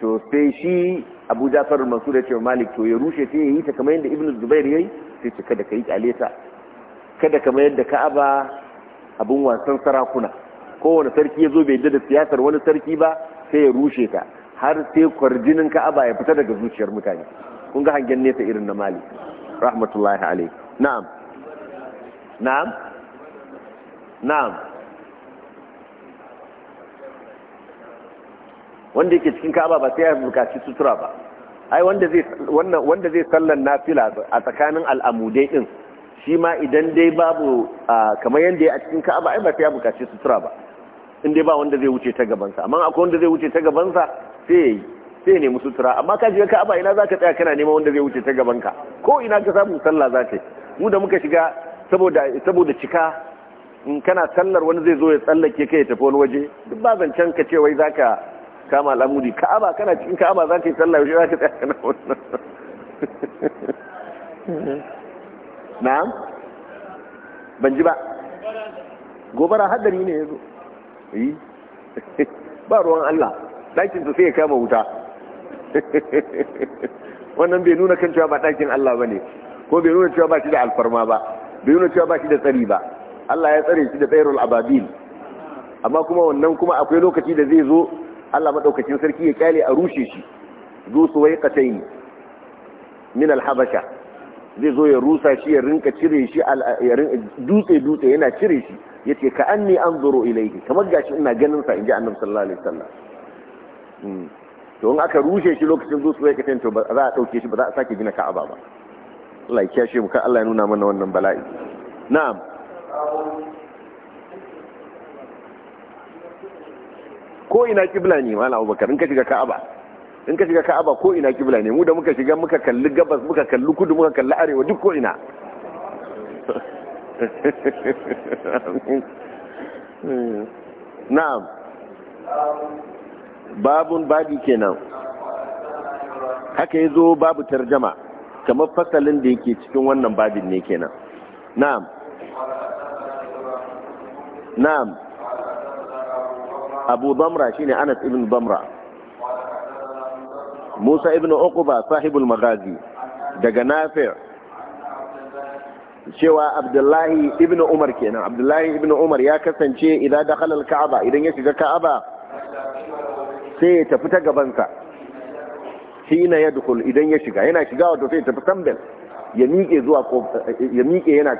to sai shi abu jafar mansur ya ce malik to ya rushe ya yi ta kamar yadda ibn zubair yayi sai ce kada ka yi kyale kada kamar yadda ka'aba abun wasan sarakuna kowane sarki ya zo bai yadda da siyasar wani sarki ba sai ya rushe ta har sai kwarjinin ka'aba ya fita daga zuciyar mutane kun ga hangen nesa irin na mali rahmatullahi alai na'am na'am na'am wanda yake cikin ka'aba ba sai ya bukaci sutura ba ai wanda zai wannan wanda zai sallan nafila a tsakanin al'amudai din shi ma idan dai babu kamar yadda ya a cikin ka'aba ai ba sai ya bukaci sutura ba in dai ba wanda zai wuce ta gabansa amma akwai wanda zai wuce ta gabansa sai sai ne sutura amma ka ka ka'aba ina zaka tsaya kana neman wanda zai wuce ta gabanka ko ina ka samu sallah za ta mu da muka shiga saboda cika in kana sallar wani zai zo ya tsallake ka ya tafi wani waje duk ba zancen ka ce wai zaka kama al'amudi ka'aba kana cikin ka'aba za ka yi sallah yaushe za ka tsaya kana wannan na'am ban ji ba gobara hadari ne ya zo yi eh? ba ruwan Allah ɗakin su sai ya kama wuta wannan bai nuna kan cewa ba ɗakin Allah ba ne ko bai nuna cewa ba shi da alfarma ba bai nuna cewa ba shi da tsari ba Allah ya tsare shi da tsayarul ababil amma kuma wannan kuma akwai lokaci da zai zo Allah maɗaukacin sarki ya kyale a rushe shi zo su wai katai min alhabasha zai zo ya rusa shi ya rinka cire shi ya dutse dutse yana cire shi yace ka anni anzuru ilaihi, kamar gashi ina ganin sa inji annabi sallallahu alaihi wasallam hmm. to in aka rushe shi lokacin zuwa ka tanto ba za a dauke shi ba za a sake gina ka'aba ba Allah ya kiyashe mu kan Allah ya nuna mana wannan bala'i na'am ko ina kibla ne mala abubakar in ka shiga ka'aba in ka shiga ka'aba ko ina kibla ne mu da muka shiga muka kalli gabas muka kalli kudu muka kalli arewa duk ko ina na'am babun babi kenan haka ya zo babu tarjama kamar fasalin da yake cikin wannan babin ne kenan na'am na'am abu bamra shine anas ibn bamra musa ibn uquba sahibul magazi daga nafi' cewa abdullahi ibn umar kenan abdullahi ibn umar ya kasance idan da halal kaaba idan ya shiga ka'aba sai ya tafi ta gabansa ya dukul idan ya shiga yana shiga wato sai ya tafi tambal ya miƙe zuwa ya miƙe yana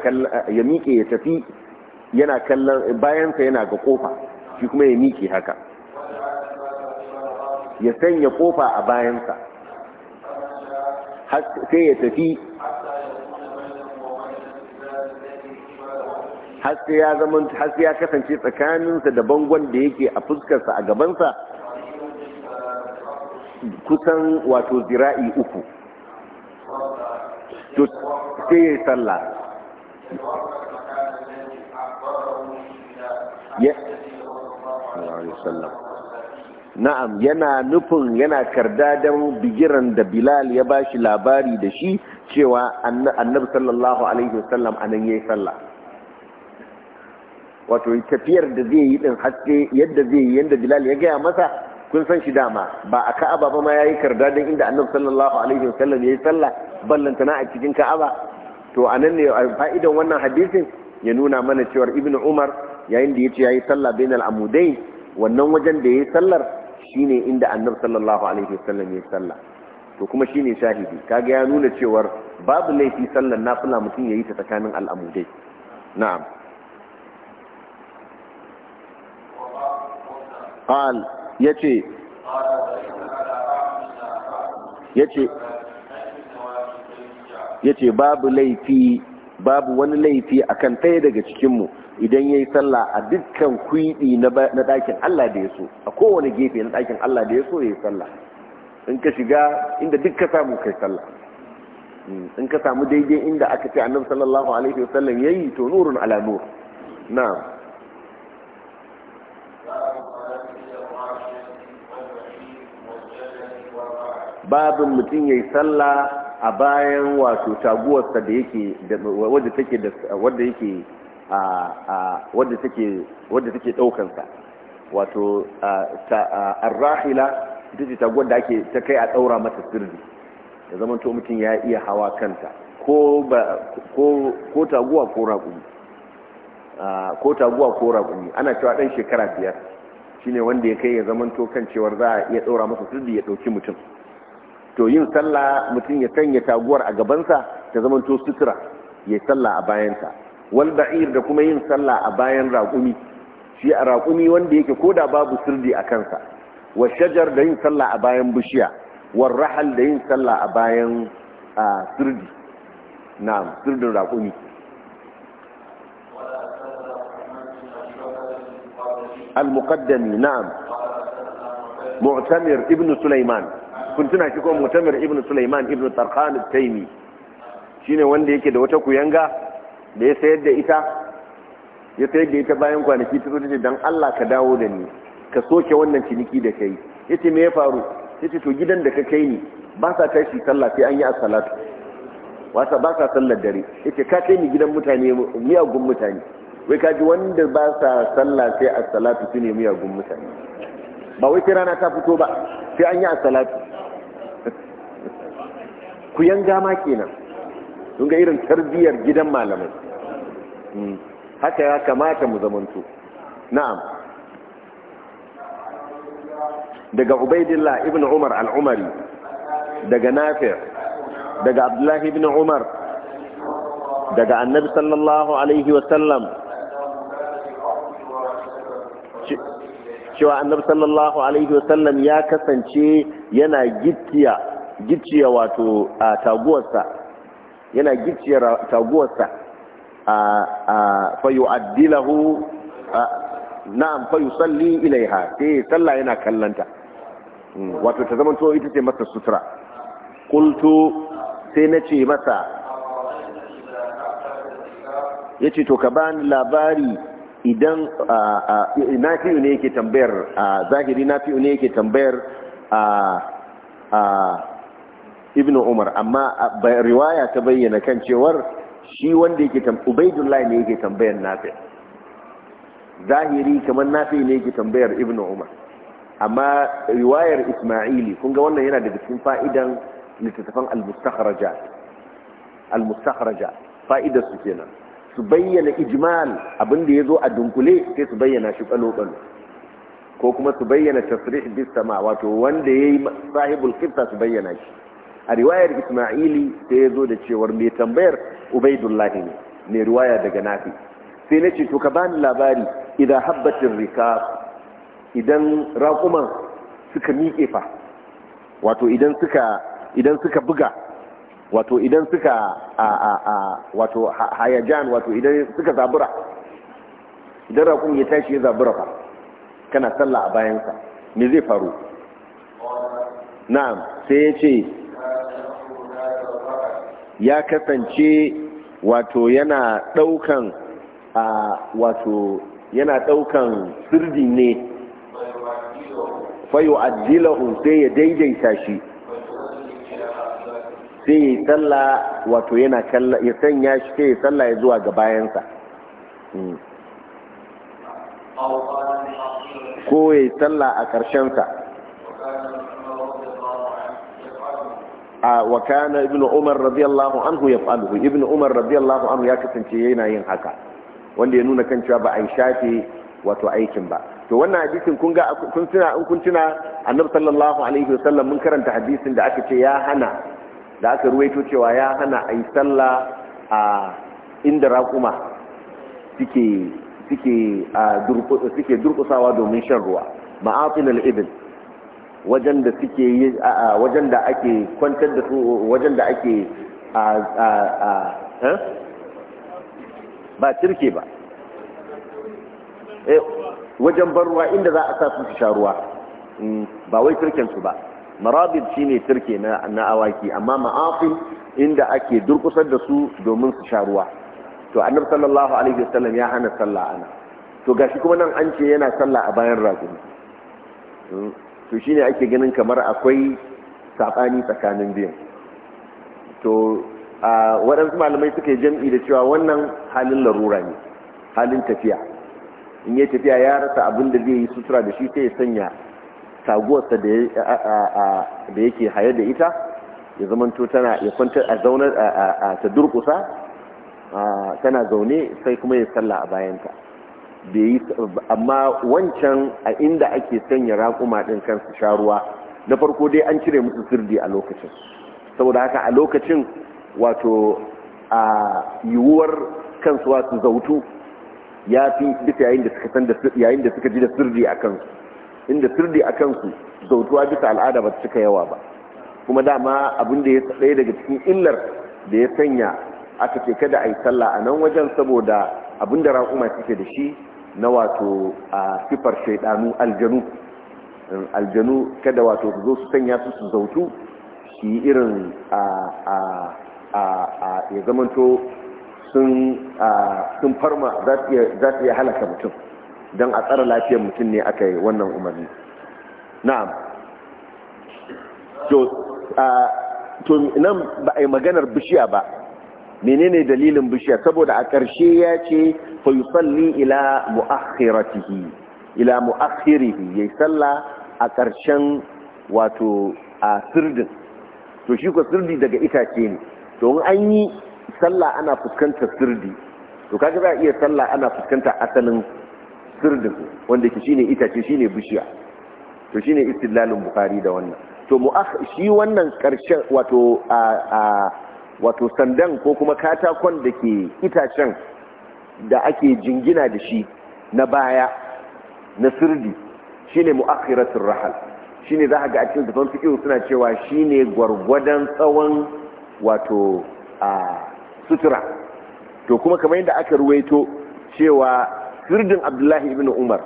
ya miƙe ya tafi yana kallon bayansa yana ga kofa shi kuma ya miƙe haka ya sanya kofa a bayansa sai ya tafi haske ya zama haske ya kasance tsakaninsa da bangon da yake a fuskarsa a gabansa kusan wato zira'i uku to sai ya yi sallah na'am yana nufin yana karda kardadan bigiran da bilal ya bashi labari da shi cewa annabi sallallahu alaihi wasallam anan yayi sallah wato tafiyar da zai yi din haske yadda zai yi yadda bilal ya gaya masa kun san shi dama ba a ka'aba ba ma ya yi karda don inda annabi sallallahu alaihi wasallam ya yi sallah na a cikin ka'aba to a nan ne fa'idan wannan hadisin ya nuna mana cewar ibnu umar yayin da ya ce ya yi sallah na al'amudai wannan wajen da ya yi sallar shine inda annabi sallallahu alaihi wasallam ya yi sallah to kuma shine shahidi kaga ya nuna cewar babu laifi sallar nafila mutum ya yi ta tsakanin al'amudai na'am قال يتي يتي yace babu laifi babu wani laifi akan ɗaya daga cikinmu idan ya yi sallah a dukkan kwiɗi na ɗakin Allah da ya so a kowane gefe na ɗakin Allah da ya so ya yi sallah in ka shiga inda duk ka samu kai sallah in ka samu daidai inda aka ce annabi sallallahu alaihi wasallam yayi to nurun ala nur na'am babin mutum yi salla a bayan wato taguwarsa da yake wadda take da wadda yake a wadda take wadda take daukan sa ta arrahila ita ce taguwar da ake ta kai a daura mata sirri da zaman to mutum ya iya hawa kanta ko ko taguwa ko raƙumi ko taguwa ko raƙumi ana cewa ɗan shekara biyar shine wanda ya kai ya zaman to kan cewar za a iya daura masa sirri ya ɗauki mutum to yin sallah mutum ya sanya taguwar a gabansa ta zamanto sutura ya sallah a bayansa wal ba'ir da kuma yin sallah a bayan raƙumi shi a raƙumi wanda yake koda babu sirdi a kansa wa shajar da yin sallah a bayan bishiya war rahal da yin sallah a bayan sirdi na'am sirdin raƙumi al-muqaddami na'am mu'tamir ibnu sulaiman kun tuna shi ko mutamir ibn sulaiman ibn tarkhan taimi shine wanda yake da wata kuyanga da ya sayar da ita ya sayar da ita bayan kwanaki ta zo dan Allah ka dawo da ni ka soke wannan ciniki da kai yace me ya faru yace to gidan da ka kai ni ba sa kai shi sallah sai an yi as-salatu wasa ba sa sallar dare yace ka kai ni gidan mutane miyagun mutane wai ka ji wanda ba sa sallah sai as-salatu shine miyagun mutane ba wai sai rana ta fito ba sai an yi as-salatu ku yanga ma kenan sun ga irin tarbiyyar gidan malamai hmm. haka ya kamata mu zamantu na'am daga ubaidillah ibn umar al'umari daga nafi daga abdullahi ibn umar daga annabi sallallahu alaihi wasallam cewa annabi sallallahu alaihi wasallam ya kasance yana gittiya gicciya wato a taguwarsa yana gicciyar taguwarsa a fayu addilahu na'am fayu salli ilaiha sai sallah yana kallanta hmm, wato ta zamanto ita ce masa sutura kultu sai na ce masa ya ce to ka bani labari idan na fiye ne yake tambayar zahiri na fiye ne yake tambayar a ibn umar amma riwaya ta bayyana kan cewar shi wanda yake ubaidullahi ne yake tambayar nafi zahiri kamar nafi ne yake tambayar ibn umar amma riwayar isma'ili kun ga wannan yana da cikin fa'idan littattafan al-mustakhraja al-mustakhraja fa'idar su kenan su bayyana ijmal abinda yazo a dunkule sai su bayyana shi kalo-kalo, ko kuma su bayyana tasrih bis sama wato wanda yayi sahibul qibla su bayyana shi a riwayar isma'ili ta ya zo da cewar mai tambayar ubaidullahi ne mai riwaya daga nafi sai na ce to ka bani labari idan habbatin rika idan raƙuman suka miƙe fa wato idan suka idan suka buga wato idan suka a a a wato hayajan wato idan suka zabura idan raƙum ya tashi ya zabura fa kana sallah a bayansa me zai faru na'am sai ya ce ya kasance wato yana ɗaukan a wato yana ɗaukan sirdi ne fayo adila sai ya daidaita shi sai ya yi tsalla wato yana ya sanya shi sai ya tsalla ya zuwa ga bayansa hmm. ko ya yi tsalla a ƙarshensa wa kana ibnu umar radiyallahu anhu yaf'aluhu ibnu umar radiyallahu anhu ya kasance yana yin haka wanda ya nuna kan cewa ba a shafe wato aikin ba to wannan hadisin kun ga kun tuna in kun tuna annabi sallallahu alaihi wasallam mun karanta hadisin da aka ce ya hana da aka ruwaito cewa ya hana a yi sallah a inda raƙuma suke suke durƙusawa domin shan ruwa ma'afinal ibn wajen da suke yi a wajen da ake kwantar da su wajen da ake a a ba cirke ba eh, wajen barwa inda za a sa su sha ruwa mm, ba wai cirken su ba marabid shine cirke na na awaki amma ma'afin inda ake durkusar da su domin su sharuwa ruwa to annabi sallallahu alaihi wasallam ya hana sallah ana to gashi kuma nan an ce yana sallah a bayan raguni mm. to shi ne ake ganin kamar akwai saɓani tsakanin biyan to waɗansu malamai suka yi jam'i da cewa wannan halin larura ne halin tafiya in yi tafiya ya rasa abin da zai yi sutura da shi sai ya sanya taguwarsa da yake haye da ita ya to tana ya kwanta a zaunar ta durkusa tana zaune sai kuma ya salla a bayanta amma wancan a inda ake sanya raƙuma ɗin kansu sha ruwa na farko dai an cire musu sirdi a lokacin saboda haka a lokacin wato a yiwuwar kansuwa su zautu ya fi bisa yayin da suka ji da sirdi a kansu inda sirdi a kansu zautuwa bisa al'ada ba su cika yawa ba kuma dama abin da ya tsaye daga cikin illar da ya sanya aka ce kada a yi sallah a nan wajen saboda abin da raƙuma suke da shi na wato a sifar shaidanu aljanu aljanu kada wato su zo su sanya su su zautu su irin a ya zamanto sun farma za su iya halaka mutum don a tsara lafiyar mutum ne aka yi wannan umarni na'am to nan ba a yi maganar bishiya ba menene dalilin bishiya saboda a ƙarshe ya ce fa yusalli ila mu'akhiratihi ila mu'akhirihi yayi salla a ƙarshen wato a sirdin to shi ko sirdi daga itace ne to in an yi salla ana fuskantar sirdi to kaga za a iya salla ana fuskantar asalin sirdin wanda ke shine itace shine bishiya to shine istidlalin bukhari da wannan to shi wannan ƙarshen wato a wato sandan ko kuma katakon da ke itacen da ake jingina da shi na baya na sirdi shine mu'akhiratul rahal shine za ga a cikin zafan suna cewa shine gwargwadon tsawon wato a sutura to kuma kamar yadda aka ruwaito cewa sirdin Abdullahi ibn Umar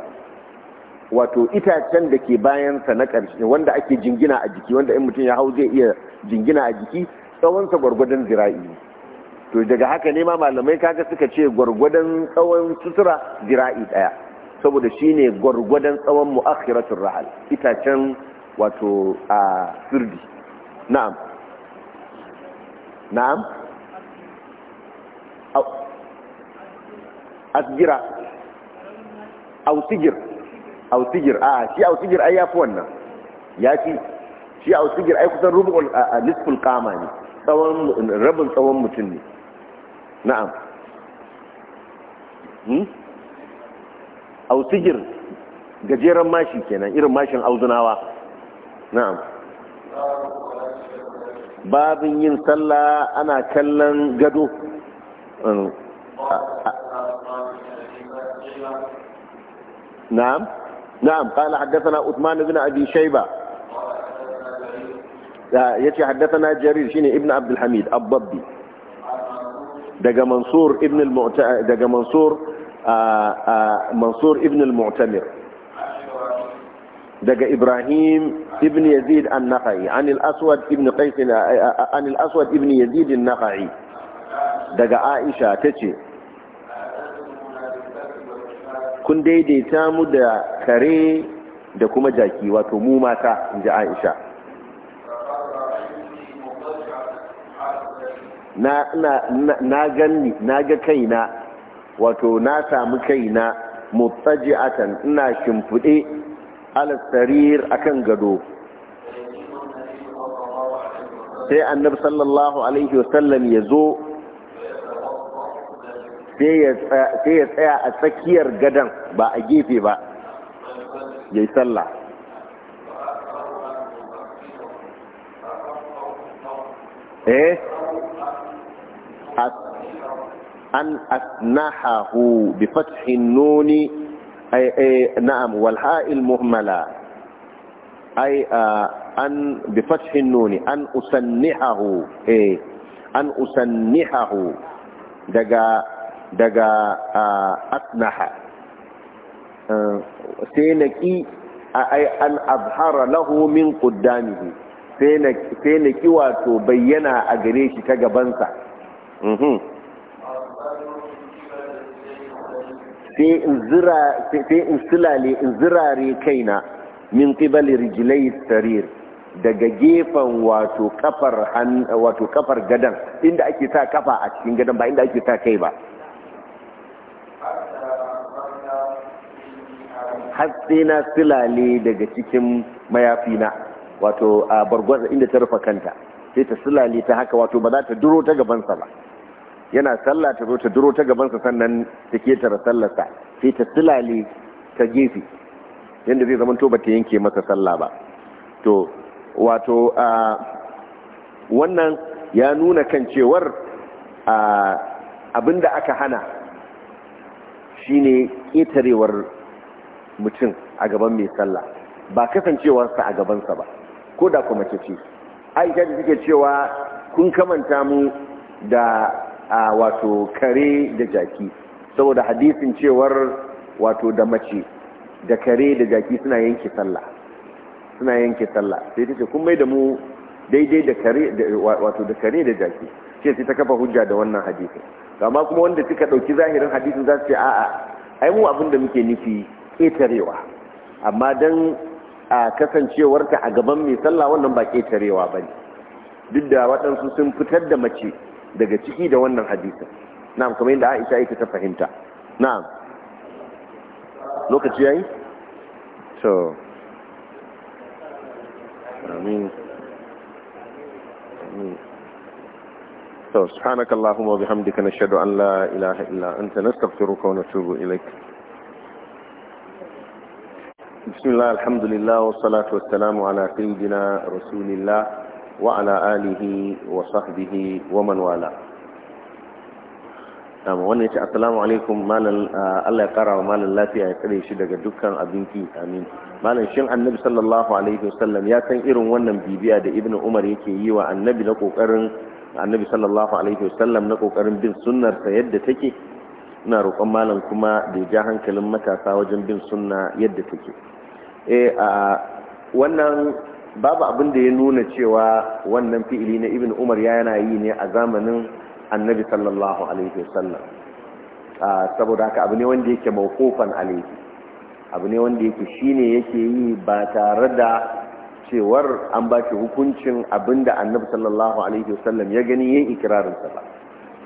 wato itacen da ke bayansa na ƙarshe wanda ake jingina a jiki wanda in mutum ya hau zai iya jingina a jiki tsawonsa gwargwadon zira'i to daga haka ne ma malamai kaga suka ce gwargwadon tsawon sutura zira'i daya saboda shine gwargwadon tsawon mu'akhiratul rahal itacen wato a sirdi na'am na'am asgira ausigir ausigir a shi ausigir ai yafi wannan fi. shi ausigir ai kusan a nisful kama ne rabin tsawon mutum ne na'am hmm? autigir gajeren mashi kenan irin mashin auzunawa na'am babin yin sallah ana kallon gado na'am na'am haddasa na Uthman bin Abi shaiba ya ce na jarir ne ibn abdul abbabbi daga mansur ibn al-mu'tamir daga ibrahim ibn yazid an-nakhai an al-aswad ibn an al-aswad ibn yazid an naqai daga aisha ta ce kun daidaita mu da kare da kuma jaki wato mu mata in ji aisha na ganni na ga kaina wato na samu kaina mutaji'atan ina shimfiɗe ala a akan gado sai annabi sallallahu alaihi wasallam ya zo sai ya tsaya a tsakiyar gadon ba a gefe ba ya yi sallah eh an asnahahu bi fathin nuni na'am wal ha'il an bi fathin daga daga asnaha sai naki an abhara lahu min sai na ki wato bayyana a gare shi ta gabansa Mhm. sai in zira sai in sulale in zirare kaina min qibali rijlai sarir daga gefen wato kafar wato kafar gadan inda ake sa kafa a cikin gadan ba inda ake sa kai ba har na silale daga cikin mayafina wato a bargwaza inda ta rufe kanta sai ta silale ta haka wato ba za ta duro ta gabansa ba yana sallah ta zo ta duro ta sa sannan ta ketara sallarsa sai ta silale ta gefe yadda zai zama to bata yanke masa sallah ba to wato a wannan ya nuna kan cewar abinda aka hana shine ketarewar mutum a gaban mai sallah ba kasancewarsa a gabansa ba ko da kuma ce aisha da take cewa kun kamanta mu da a wato kare da jaki saboda hadisin cewar wato da mace da kare da jaki suna yanke sallah suna yanke sallah sai ta ce kun mai da mu daidai da kare wato da kare da jaki ce sai ta kafa hujja da wannan hadisin amma kuma wanda suka dauki zahirin hadisin za su ce a'a ai mu abin da muke nufi ketarewa amma dan a kasancewarta a gaban mai sallah wannan ba ketarewa bane duk da waɗansu sun fitar da mace daga ciki da wannan hadisin na'am kamar yadda Aisha ita ta fahimta na'am lokaci yayi to amin amin to subhanakallahumma wa bihamdika nashhadu an la ilaha illa anta nastaghfiruka wa natubu ilaik بسم الله الحمد لله والصلاة والسلام على سيدنا رسول الله وعلى آله وصحبه ومن والاه wannan ce assalamu alaikum malam Allah ya kara wa malam lafiya ya kare shi daga dukkan abinci amin malam shin annabi sallallahu alaihi wasallam ya san irin wannan bibiya da ibnu umar yake yi wa annabi na kokarin annabi sallallahu alaihi wasallam na kokarin bin sunnar sa yadda take ina roƙon malam kuma da ja hankalin matasa wajen bin sunna yadda take eh a wannan babu abin da ya nuna cewa wannan fi'ili na ibn umar ya yana yi ne a zamanin annabi sallallahu alaihi wasallam saboda haka abu ne wanda yake Maukofan alaihi abu ne wanda yake shine yake yi ba tare da cewar an ba shi hukuncin abinda annabi sallallahu alaihi wasallam ya gani yayin ikirarinsa ba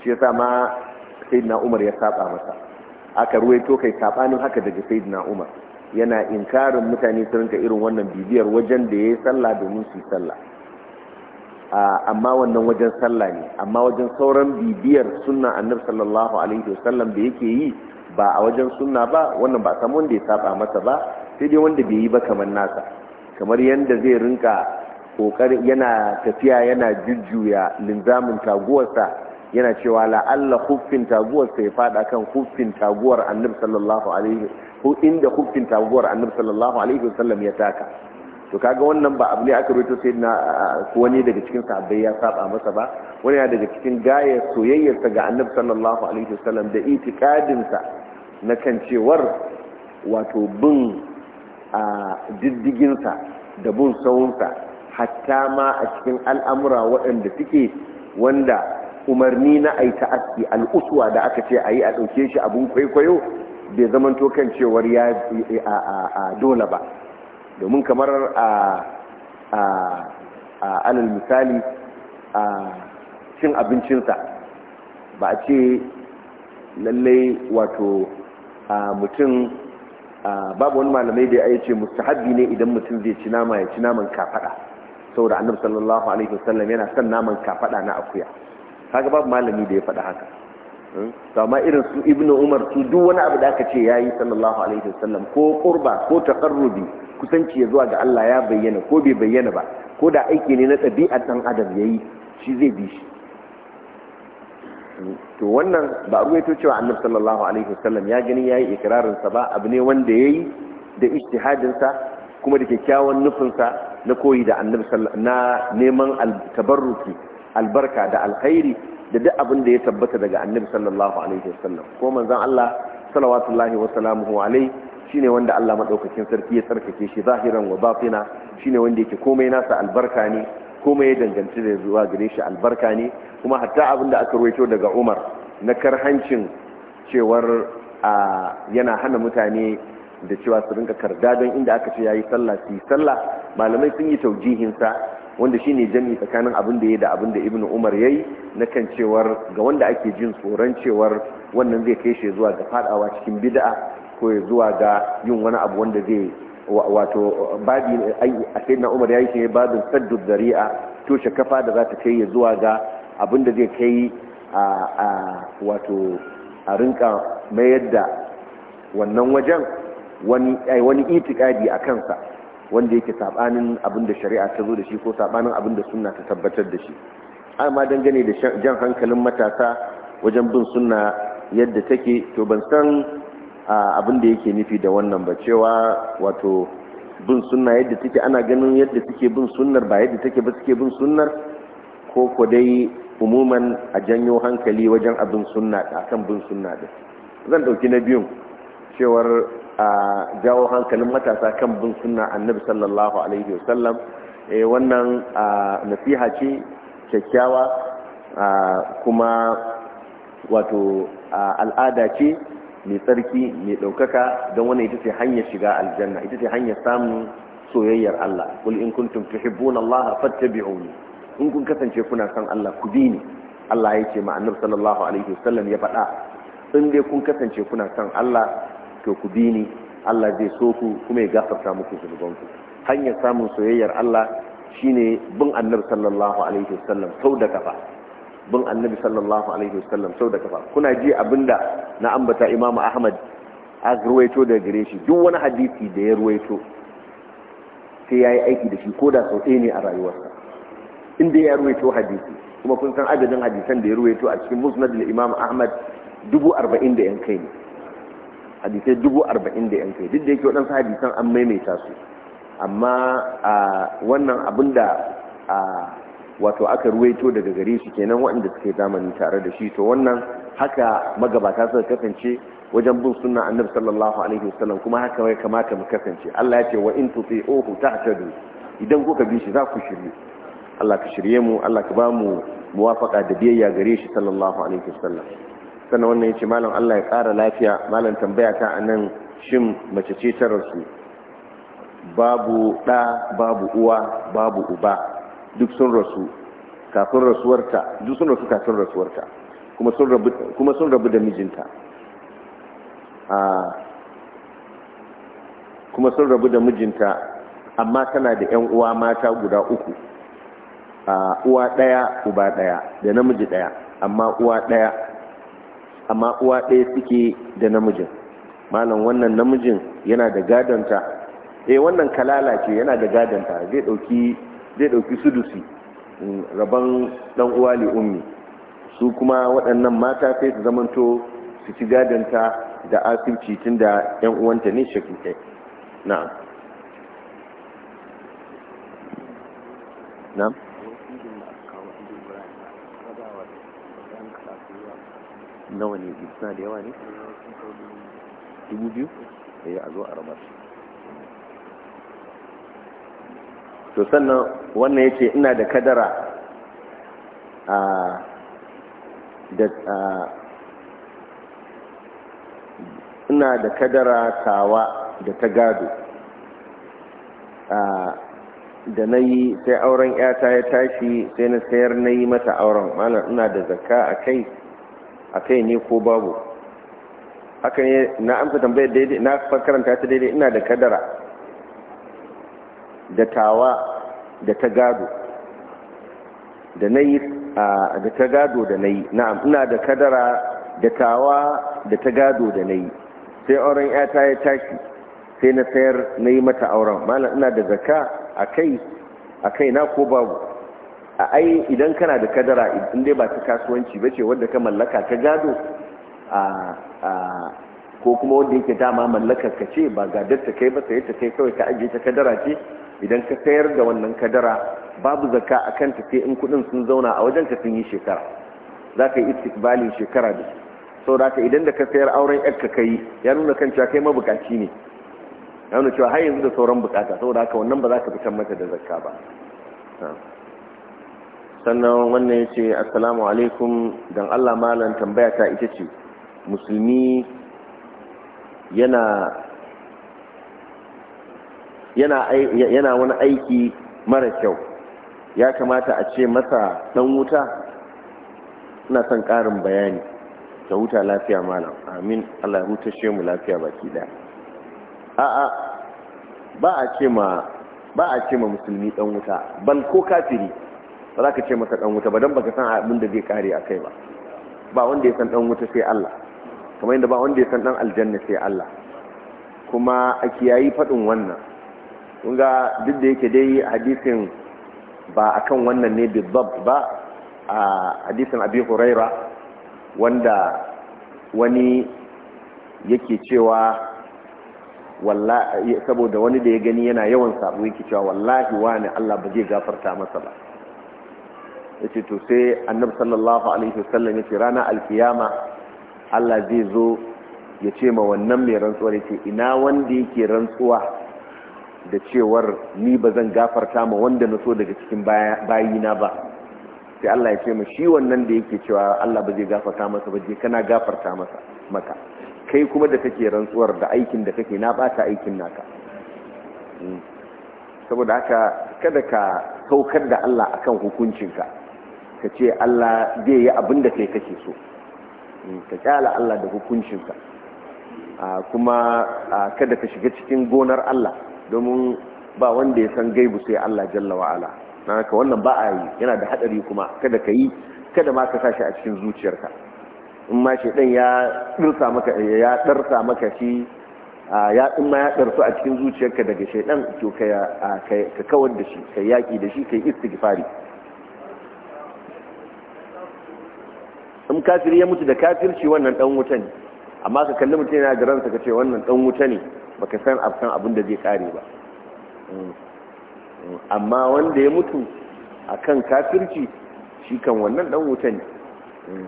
shi yasa ma sayyidina umar ya saba masa aka ruwaito kai sabanin haka daga sayyidina umar yana inkarin mutane su rinka irin wannan bibiyar wajen da ya yi sallah domin su yi sallah amma wannan wajen sallah ne amma wajen sauran bibiyar sunna annabi sallallahu alaihi wasallam da yake yi ba a wajen sunna ba wannan ba san wanda ya saba masa ba sai dai wanda bai yi ba kamar nasa kamar yadda zai rinka kokari yana tafiya yana jujjuya linzamin taguwarsa yana cewa la'alla huffin taguwarsa ya fada kan huffin taguwar annabi sallallahu alaihi ko inda hukuncin taguwar annabi sallallahu alaihi wasallam ya taka to kaga wannan ba abu ne aka rubuta sai na wani daga cikin sahabbai ya saba masa ba wani ya daga cikin gayar soyayyarsa ga annabi sallallahu alaihi wasallam da itikadin sa na kan cewar wato bin a diddigin sa da bin sawun sa hatta ma a cikin al'amura waɗanda suke wanda umarni na aita aski al'uswa da aka ce ayi a ɗauke shi abun kwaikwayo bai zamanto kan cewar ya a dole ba domin kamar a alal misali a cin abincinsa ba a ce lallai wato mutum babu wani malamai da ya ce mustahabbi ne idan mutum zai ci nama ya ci naman kafaɗa saboda annabi sallallahu alaihi wasallam yana son naman kafaɗa na akuya kaga babu malami da ya faɗa haka kama irin su ibnu umar su duk wani abu da aka ce yayi sallallahu alaihi wasallam ko qurba ko taqarrubi kusanci ya zuwa ga Allah ya bayyana ko bai bayyana ba ko da aiki ne na ɗabi'ar ɗan adam yayi shi zai bi shi to wannan ba a to cewa annabi sallallahu alaihi wasallam ya gani yayi ikrarin sa ba abu ne wanda yayi da ijtihadin sa kuma da kyakkyawan nufin sa na koyi da annabi na neman tabarruki albarka da alkhairi da duk abin da ya tabbata daga annabi sallallahu alaihi wasallam ko manzon Allah salawatullahi wa salamuhu alaihi shine wanda Allah madaukakin sarki ya tsarkake shi zahiran wa batina shine wanda yake komai nasa albarka ne komai ya danganci da zuwa gare shi albarka ne kuma hatta abin da aka ruwaito daga Umar na karhancin cewar yana hana mutane da cewa su rinka karda don inda aka ce yayi sallah su yi sallah malamai sun yi taujihin sa wanda shi ne jami tsakanin abin da ya da abin da ibnu umar ya yi na kan cewar ga wanda ake jin tsoron cewar wannan zai kai shi zuwa ga fadawa cikin bida'a ko ya zuwa ga yin wani abu wanda zai wato babi a sayyidina umar ya yi shi babin saddu zari'a toshe kafa da za ta kai ya zuwa ga abin da zai kai a wato a rinka mayar da wannan wajen wani itikadi a kansa wanda yake sabanin abin da shari'a ta zo da shi ko sabanin abin da sunna ta tabbatar da shi amma dangane da jan hankalin matasa wajen bin sunna yadda take to ban san abin da yake nufi da wannan ba cewa wato bin sunna yadda take ana ganin yadda suke bin sunnar ba yadda take ba suke bin sunnar ko ko dai umuman a janyo hankali wajen abin sunna akan bin sunna din zan dauki na biyun cewar jawo hankalin matasa kan bin sunna annabi sallallahu alaihi wasallam eh wannan nasiha ce kyakkyawa kuma wato al'ada ce mai tsarki mai ɗaukaka don wani ita ce hanyar shiga aljanna ita ce hanyar samun soyayyar Allah kul in kuntum tuhibbuna Allah fattabi'uni in kun kasance kuna son Allah ku bi ni Allah ya ce ma annabi sallallahu alaihi wasallam ya faɗa in dai kun kasance kuna son Allah to ku bi ni Allah zai so ku kuma ya gafarta muku zunubanku hanyar samun soyayyar Allah shine bin annabi sallallahu alaihi wasallam sau da kafa bin annabi sallallahu alaihi wasallam sau da kafa kuna ji abinda na ambata Imam Ahmad a ruwaito da gare shi duk wani hadisi da ya ruwaito sai yayi aiki da shi koda sau ɗaya ne a rayuwarsa inda ya ruwaito hadisi kuma kun san adadin hadisan da ya ruwaito a cikin musnad al-Imam Ahmad dubu arba'in da yan kai ne hadisai dubu arba'in da yankai duk da yake waɗansu hadisan an maimaita su amma wannan abin da wato aka ruwaito daga gare shi kenan waɗanda suke zamani tare da shi to wannan haka magabata suka kasance wajen bin sunna annabi sallallahu alaihi wasallam kuma haka ya kamata mu kasance Allah ya ce wa in tuti'uhu du, idan kuka bi shi za ku shirye Allah ka shirye mu Allah ka ba mu muwafaqa da biyayya gare shi sallallahu alaihi wasallam sannan wannan ya ce malam Allah ya ƙara lafiya malam tambaya ta a nan shin mace ce ta rasu babu ɗa babu uwa babu uba duk sun rasu kafin rasuwarta duk sun rasu kafin rasuwarta kuma sun rabu da mijinta kuma sun rabu da mijinta amma tana da 'yan uwa mata guda uku uwa ɗaya uba ɗaya da namiji ɗaya amma uwa ɗaya amma uwa ɗaya suke da namijin malam wannan namijin yana da gadonta. eh wannan kalala ce yana da gadonta. zai ɗauki zai ɗauki sudusi mm, rabon ɗan uwa li ummi su kuma waɗannan mata sai su zamanto su ci gadonta da asirci tun da ‘yan uwanta ne kai na'am na'am nawa ne biyu suna da yawa ne dubu biyu da eh, ya zo a raba su to sannan wannan ya ce ina da kadara a da ina da kadara tawa da ta gado da na yi sai auren yata ya tashi sai na sayar na yi mata auren ma'ana ina da zakka a kai a kai ne ko babu haka ne na amsa tambayar daidai na karanta ta daidai ina da kadara da tawa da ta gado da na yi da ta gado da na yi na'am ina da kadara da tawa da ta gado da na yi sai auren yata ya tashi sai na sayar na yi mata auren malam ina da zaka a kai a kai na ko babu a ai idan kana da kadara in dai ba ta kasuwanci ba ce wadda ka mallaka ta gado ko kuma wadda yake dama mallakar ka ce ba gadar ta kai ba sai ta kai kawai ka ajiye ta kadara ce idan ka sayar da wannan kadara babu zakka a kanta sai in kudin sun zauna a wajen ka sun yi shekara za ka yi istikbalin shekara da sau da ka idan da ka sayar auren yar ka kai ya nuna kan cewa kai mabukaci ne ya nuna cewa har yanzu da sauran bukata sau da ka wannan ba za ka fitar mata da zakka ba sannan wannan ya ce assalamu alaikum don allah malam tambaya ta ita ce musulmi yana yana wani aiki mara kyau ya kamata a ce masa dan wuta ina son karin bayani ta huta lafiya malam amin allah huta shi mu lafiya baki da a'a ba a ce ma musulmi dan wuta bal ko kafiri ba za ka ce masa dan wuta ba don baka san abin da zai kare a kai ba ba wanda ya san dan wuta sai Allah kamar yadda ba wanda ya san dan aljanna sai Allah kuma a kiyayi fadin wannan kun duk da yake dai hadisin ba akan wannan ne bizzab ba a hadisin Abi Huraira wanda wani yake cewa saboda wani da ya gani yana yawan sabo yake cewa wallahi wani Allah ba zai gafarta masa ba yace to sai annabi sallallahu alaihi wasallam yace rana alkiyama Allah zai zo ya ce ma wannan mai rantsuwa ce ina wanda yake rantsuwa da cewar ni ba zan gafarta ma wanda na so daga cikin bayina ba sai Allah ya ce ma shi wannan da yake cewa Allah ba zai gafarta masa ba je kana gafarta masa maka kai kuma da kake rantsuwar da aikin da kake na bata aikin naka hmm. saboda haka kada ka saukar da Allah akan hukuncinka ka ce Allah zai yi abin da kai kake so hmm, ka kyala Allah da hukuncinsa ah, kuma ah, kada ka shiga cikin gonar Allah domin ba wanda ya san gaibu sai Allah jalla wa'ala na ka wannan ba a yi yana da haɗari kuma kada ka yi kada ma ka sashi a cikin zuciyarka in ma shaidan ya ɗarsa maka ya ɗarsa maka shi ah, ya in ma ya ɗarsu a cikin zuciyarka daga shaiɗan, to ka kawar da shi ka yaƙi da shi ka yi istighfari in kafiri ya mutu da kafirci wannan dan wuta ne amma ka kalli mutum yana da ransa ka ce wannan dan wuta ne baka san absan abin da zai kare ba mm. Mm. amma wanda ya mutu akan kafirci shi kan wannan dan wuta ne mm.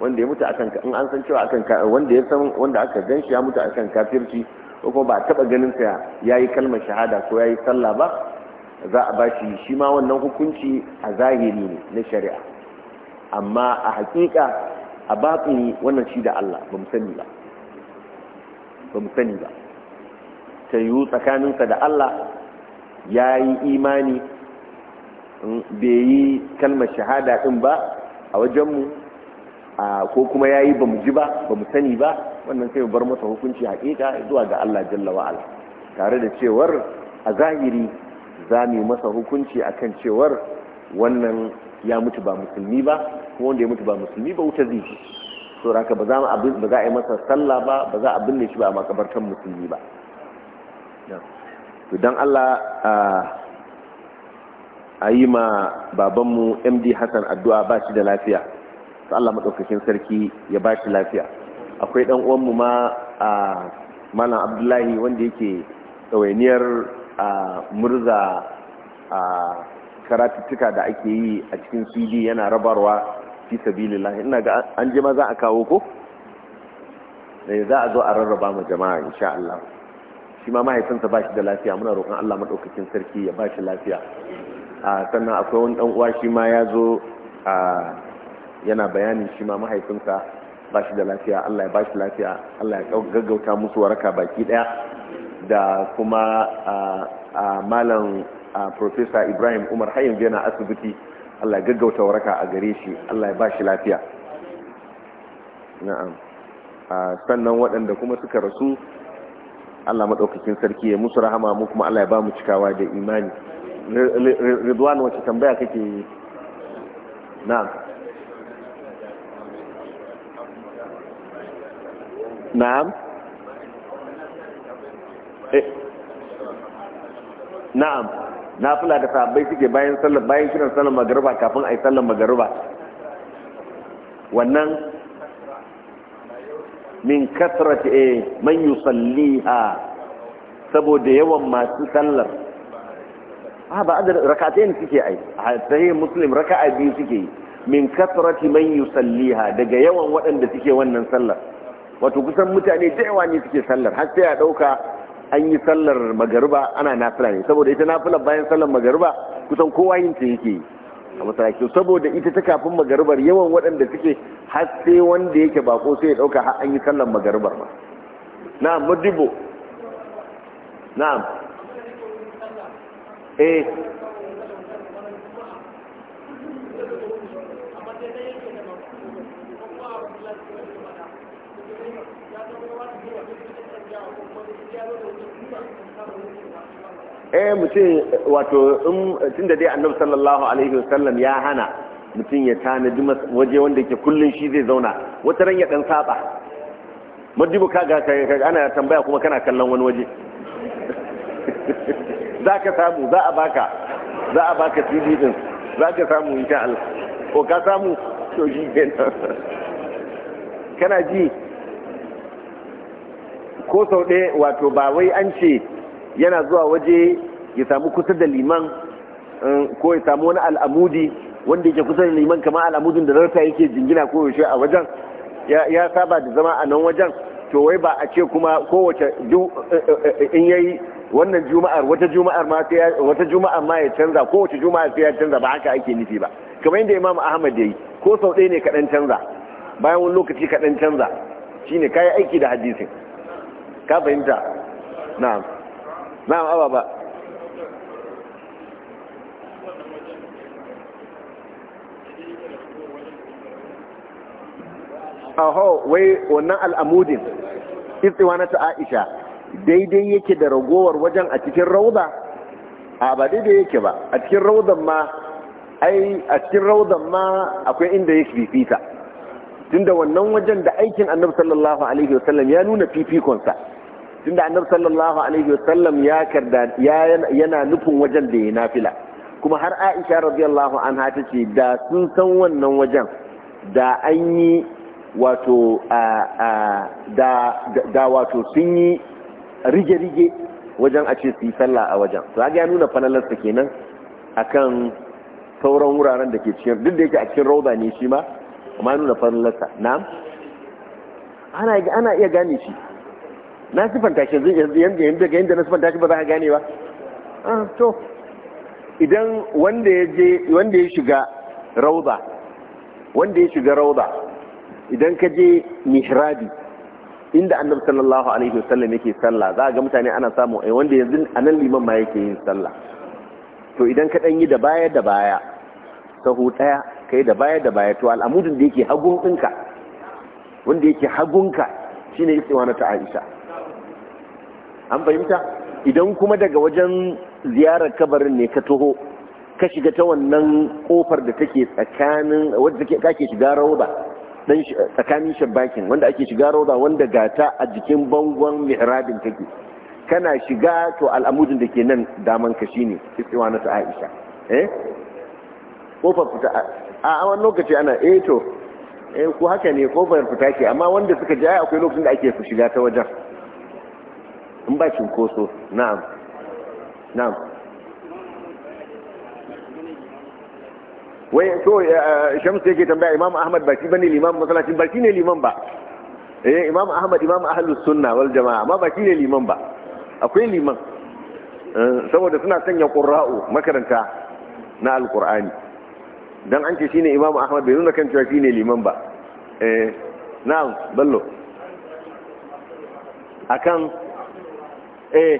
wanda ya mutu akan in an san cewa akan wanda ya san wanda aka ganshi ya mutu akan kafirci ko kuma ba taba ganin sa yayi kalmar shahada ko yayi sallah ba za a bashi shi ma wannan hukunci a zahiri ne na shari'a amma a hakika a batsini wannan shi da Allah ba mu ba ba musani ba ta yi tsakaninsa da Allah ya yi imani hmm, bai yi kalmar shahada ɗin ba a wajenmu ko kuma ya yi ba mu ji ba ba mu sani ba wannan sai bar masa hukunci haƙiƙa zuwa ga Allah jalla wa'ala tare da cewar a zahiri za mu yi masa hukunci akan cewar wannan ya mutu ba musulmi ba kuma wanda ya mutu ba musulmi ba wuta zai shi so raka ba za a yi masa sallah ba ba za a binne shi ba a makabartar musulmi ba to don Allah a yi ma babanmu MD Hassan addu'a ba shi da lafiya su Allah sarki ya ba shi lafiya akwai dan uwanmu ma a malam Abdullahi wanda yake ɗawainiyar murza a karatuttuka da ake yi a cikin cd yana rabarwa fi sabilillah ina ga an ji ma za a kawo ko da eh, za a zo a rarraba mu jama'a insha Allah shi ma mahaifinsa ba da lafiya muna roƙon Allah madaukakin sarki ya ba lafiya a sannan akwai wani dan uwa shi ma ya zo a yana bayanin shi ma mahaifinsa ba da lafiya Allah ya ba shi lafiya Allah ya gaggauta musu waraka baki ɗaya da kuma a malam professor Ibrahim Umar har yanzu yana asibiti Allah ya gaggauta waraka a gare shi Allah ya ba shi lafiya na'am sannan waɗanda kuma suka rasu Allah maɗaukakin sarki ya musu rahama mu kuma Allah ya ba mu cikawa da imani ridwan wacce tambaya kake yi na'am na'am eh. na'am Na fula da sahabbai suke bayan sallar bayan kiran sallar magariba kafin a yi sallar magariba wannan min kasarar e eh, man yi salli ha saboda yawan masu sallar a ah, ba adadin raka'atayn suke ai musulun raka a biyu suke yi min kasrati man yi salli ha daga yawan waɗanda suke wannan sallar wato kusan mutane da yawa ne suke sallar har sai a ɗauka an yi sallar magariba ana nafila ne saboda ita nafila bayan sallar magariba kusan kowa yin ta yake a masallaci saboda ita ta kafin magaribar yawan waɗanda suke haske wanda yake bako sai ya ɗauka an yi sallar magaribar ba na'am mudibo na'am eh eh mutum wato tun da dai annabi sallallahu alaihi wasallam ya hana mutum ya tanadi waje wanda yake kullun shi zai zauna wata ran ya dan saba madibu kaga ana tambaya kuma kana kallon wani waje za ka samu za a baka za a baka TV din za ka samu insha Allah ko ka samu to shi kenan kana ji ko sau ɗaya wato ba wai an ce yana zuwa waje ya samu kusa da liman eh, ko ya samu wani al'amudi wanda yake kusa da liman kama al'amudin da zarta yake jingina ko yaushe a wajen ya saba da zama a nan wajen to wai ba a ce kuma kowace eh, eh, in yayi wannan juma'ar wata juma'ar ma sai wata juma'ar ma ya canza kowace juma'ar sai ya canza ba haka ake nufi ba kamar yadda imamu Ahmad yayi ko sau ɗaya ne kaɗan canza bayan wani lokaci kaɗan canza shine kayi aiki da hadisin ka fahimta na'am na'am aba ba aho wai wannan al'amudin istiwa na ta aisha daidai yake da ragowar wajen a cikin rauda a ba daidai yake ba a cikin raudan ma ai a cikin raudan ma akwai inda yake fifita tunda wannan wajen da aikin annabi sallallahu alaihi wasallam ya nuna fifikonsa tunda annabi sallallahu alaihi wasallam ya karda yana nufin wajen da ya nafila kuma har Aisha radiyallahu anha ta ce da sun san wannan wajen da an yi wato da wato sun yi rige-rige wajen a ce su yi sallah a wajen to ga ya nuna falalarsa kenan akan sauran wuraren da ke cikin duk da yake a cikin rauda ne shi ma amma nuna falalarsa na ana iya gane shi na sifanta shi yanzu yanzu daga yanzu na sifanta shi ba za ka gane ba ah, to idan wanda ya je wanda ya shiga rauda wanda ya shiga rauda idan ka je mihrabi inda annabi sallallahu alaihi wasallam yake sallah za ga mutane ana samu ai eh, wanda yanzu anan liman ma yake yin sallah to idan ka dan yi da baya da baya sahu daya kai da baya da baya to al'amudin da yake hagun ɗinka wanda yake hagunka shine yake wani ta Aisha an fahimta idan kuma daga wajen ziyarar kabarin ne ka toho ka shiga ta wannan kofar da take tsakanin wadda kake shiga rauda dan tsakanin shabakin wanda ake shiga rauda wanda gata a jikin bangon mihrabin take kana shiga to al'amudin da ke nan daman ka shine tsiwa na Aisha eh kofar fita a wani lokaci ana eh to eh ku haka ne kofar fita ke amma wanda suka ji akwai lokacin da ake shiga ta wajen in ba cinkoso na'am na'am wai so eh, eh, shamsu yake tambaya imam ahmad ba shi bane liman masalaci ba shi ne liman ba eh imam ahmad imam ahlus sunna wal jamaa amma ba shi ne liman ba akwai liman eh, saboda suna sanya qurra'u makaranta na alqur'ani dan an ce shine imam ahmad bai nuna kan cewa shine liman ba eh na'am ballo akan eh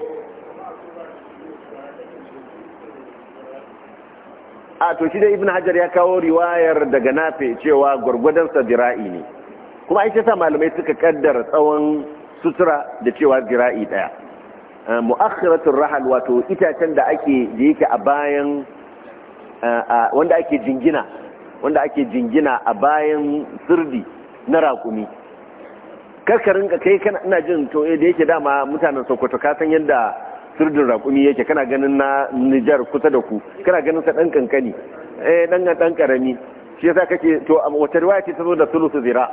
a to shi da ibn hajar ya kawo riwayar daga nafe cewa gwargwadon jira'i ne kuma ai sa malamai suka kaddara tsawon sutura da cewa dira'i daya mu'akhiratul rahal wato itacen da ake da yake a bayan wanda ake jingina wanda ake jingina a bayan sirdi na raƙumi karkarin ka kai kana ina jin to eh, da yake dama mutanen sokoto ka san yadda sirdin rakumi yake kana ganin na nijar kusa da ku kana ganin sa ɗan kankani eh ɗan dan ƙarami shi yasa kake to a wata riwaya ce ta zo da sulusu zira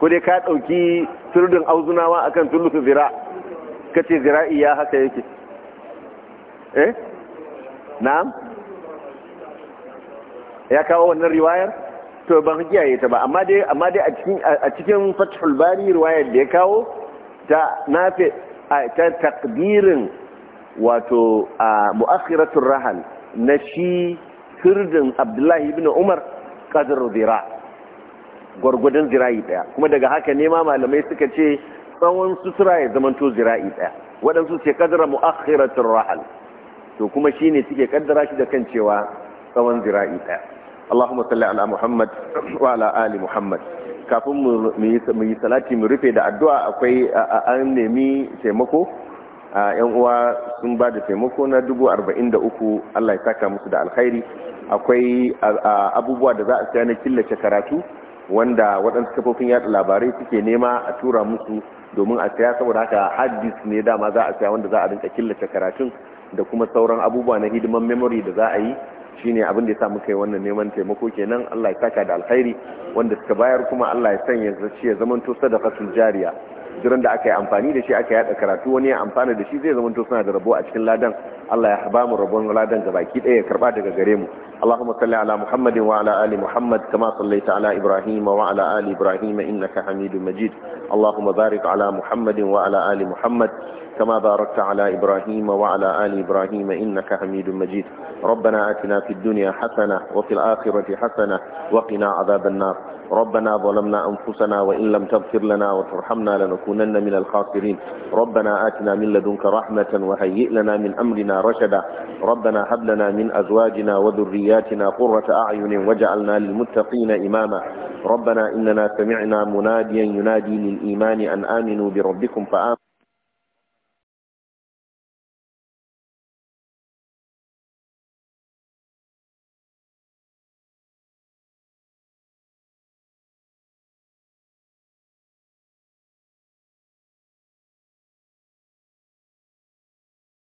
ko dai ka ɗauki sirdin auzunawa akan sulusu zira kace zira'i ya haka yake eh na'am ya kawo wannan riwayar to ban kiyaye ta ba amma dai amma dai a cikin a cikin fathul bari riwayar da ya kawo ta nafi ta takdirin wato a mu'akhiratul rahal na shi sirdin abdullahi ibn umar qadr zira gwargwadon zira'i daya kuma daga haka ne ma malamai suka ce tsawon sutura ya zamanto zira'i daya waɗansu ce kadara mu'akhiratul rahal to kuma shine suke kaddara shi da kan cewa tsawon zira'i daya Allahumma salli ala Muhammad wa ala ali Muhammad kafin mu yi salati mu rufe da addu'a akwai an nemi taimako yan uwa sun ba da taimako na dubu arba'in da uku Allah ya saka musu da alkhairi akwai abubuwa da za a saya na killace karatu wanda waɗansu kafofin yaɗa labarai suke nema a tura musu domin a saya saboda haka hadis ne dama za a saya wanda za a rinka killace karatun da kuma sauran abubuwa na hidiman memory da za a yi ne abin da ya sa muka yi wannan neman taimako kenan Allah ya saka da alkhairi wanda suka bayar kuma Allah ya sanya shi ya zama to sadaqatul jariya jiran da aka yi amfani da shi aka yada karatu wani ya amfana da shi zai zama to suna da rabo a cikin ladan Allah ya ba mu rabon ladan baki daya ya karba daga gare mu Allahumma salli ala Muhammadin wa ala ali Muhammad kama sallaita ala Ibrahim wa ala ali Ibrahim innaka Hamidum Majid Allahumma barik ala Muhammadin wa ala ali Muhammad كما باركت على إبراهيم وعلى آل إبراهيم إنك حميد مجيد ربنا آتنا في الدنيا حسنة وفي الآخرة حسنة وقنا عذاب النار ربنا ظلمنا أنفسنا وإن لم تغفر لنا وترحمنا لنكونن من الخاسرين ربنا آتنا من لدنك رحمة وهيئ لنا من أمرنا رشدا ربنا هب لنا من أزواجنا وذرياتنا قرة أعين وجعلنا للمتقين إماما ربنا إننا سمعنا مناديا ينادي للإيمان أن آمنوا بربكم فآمنوا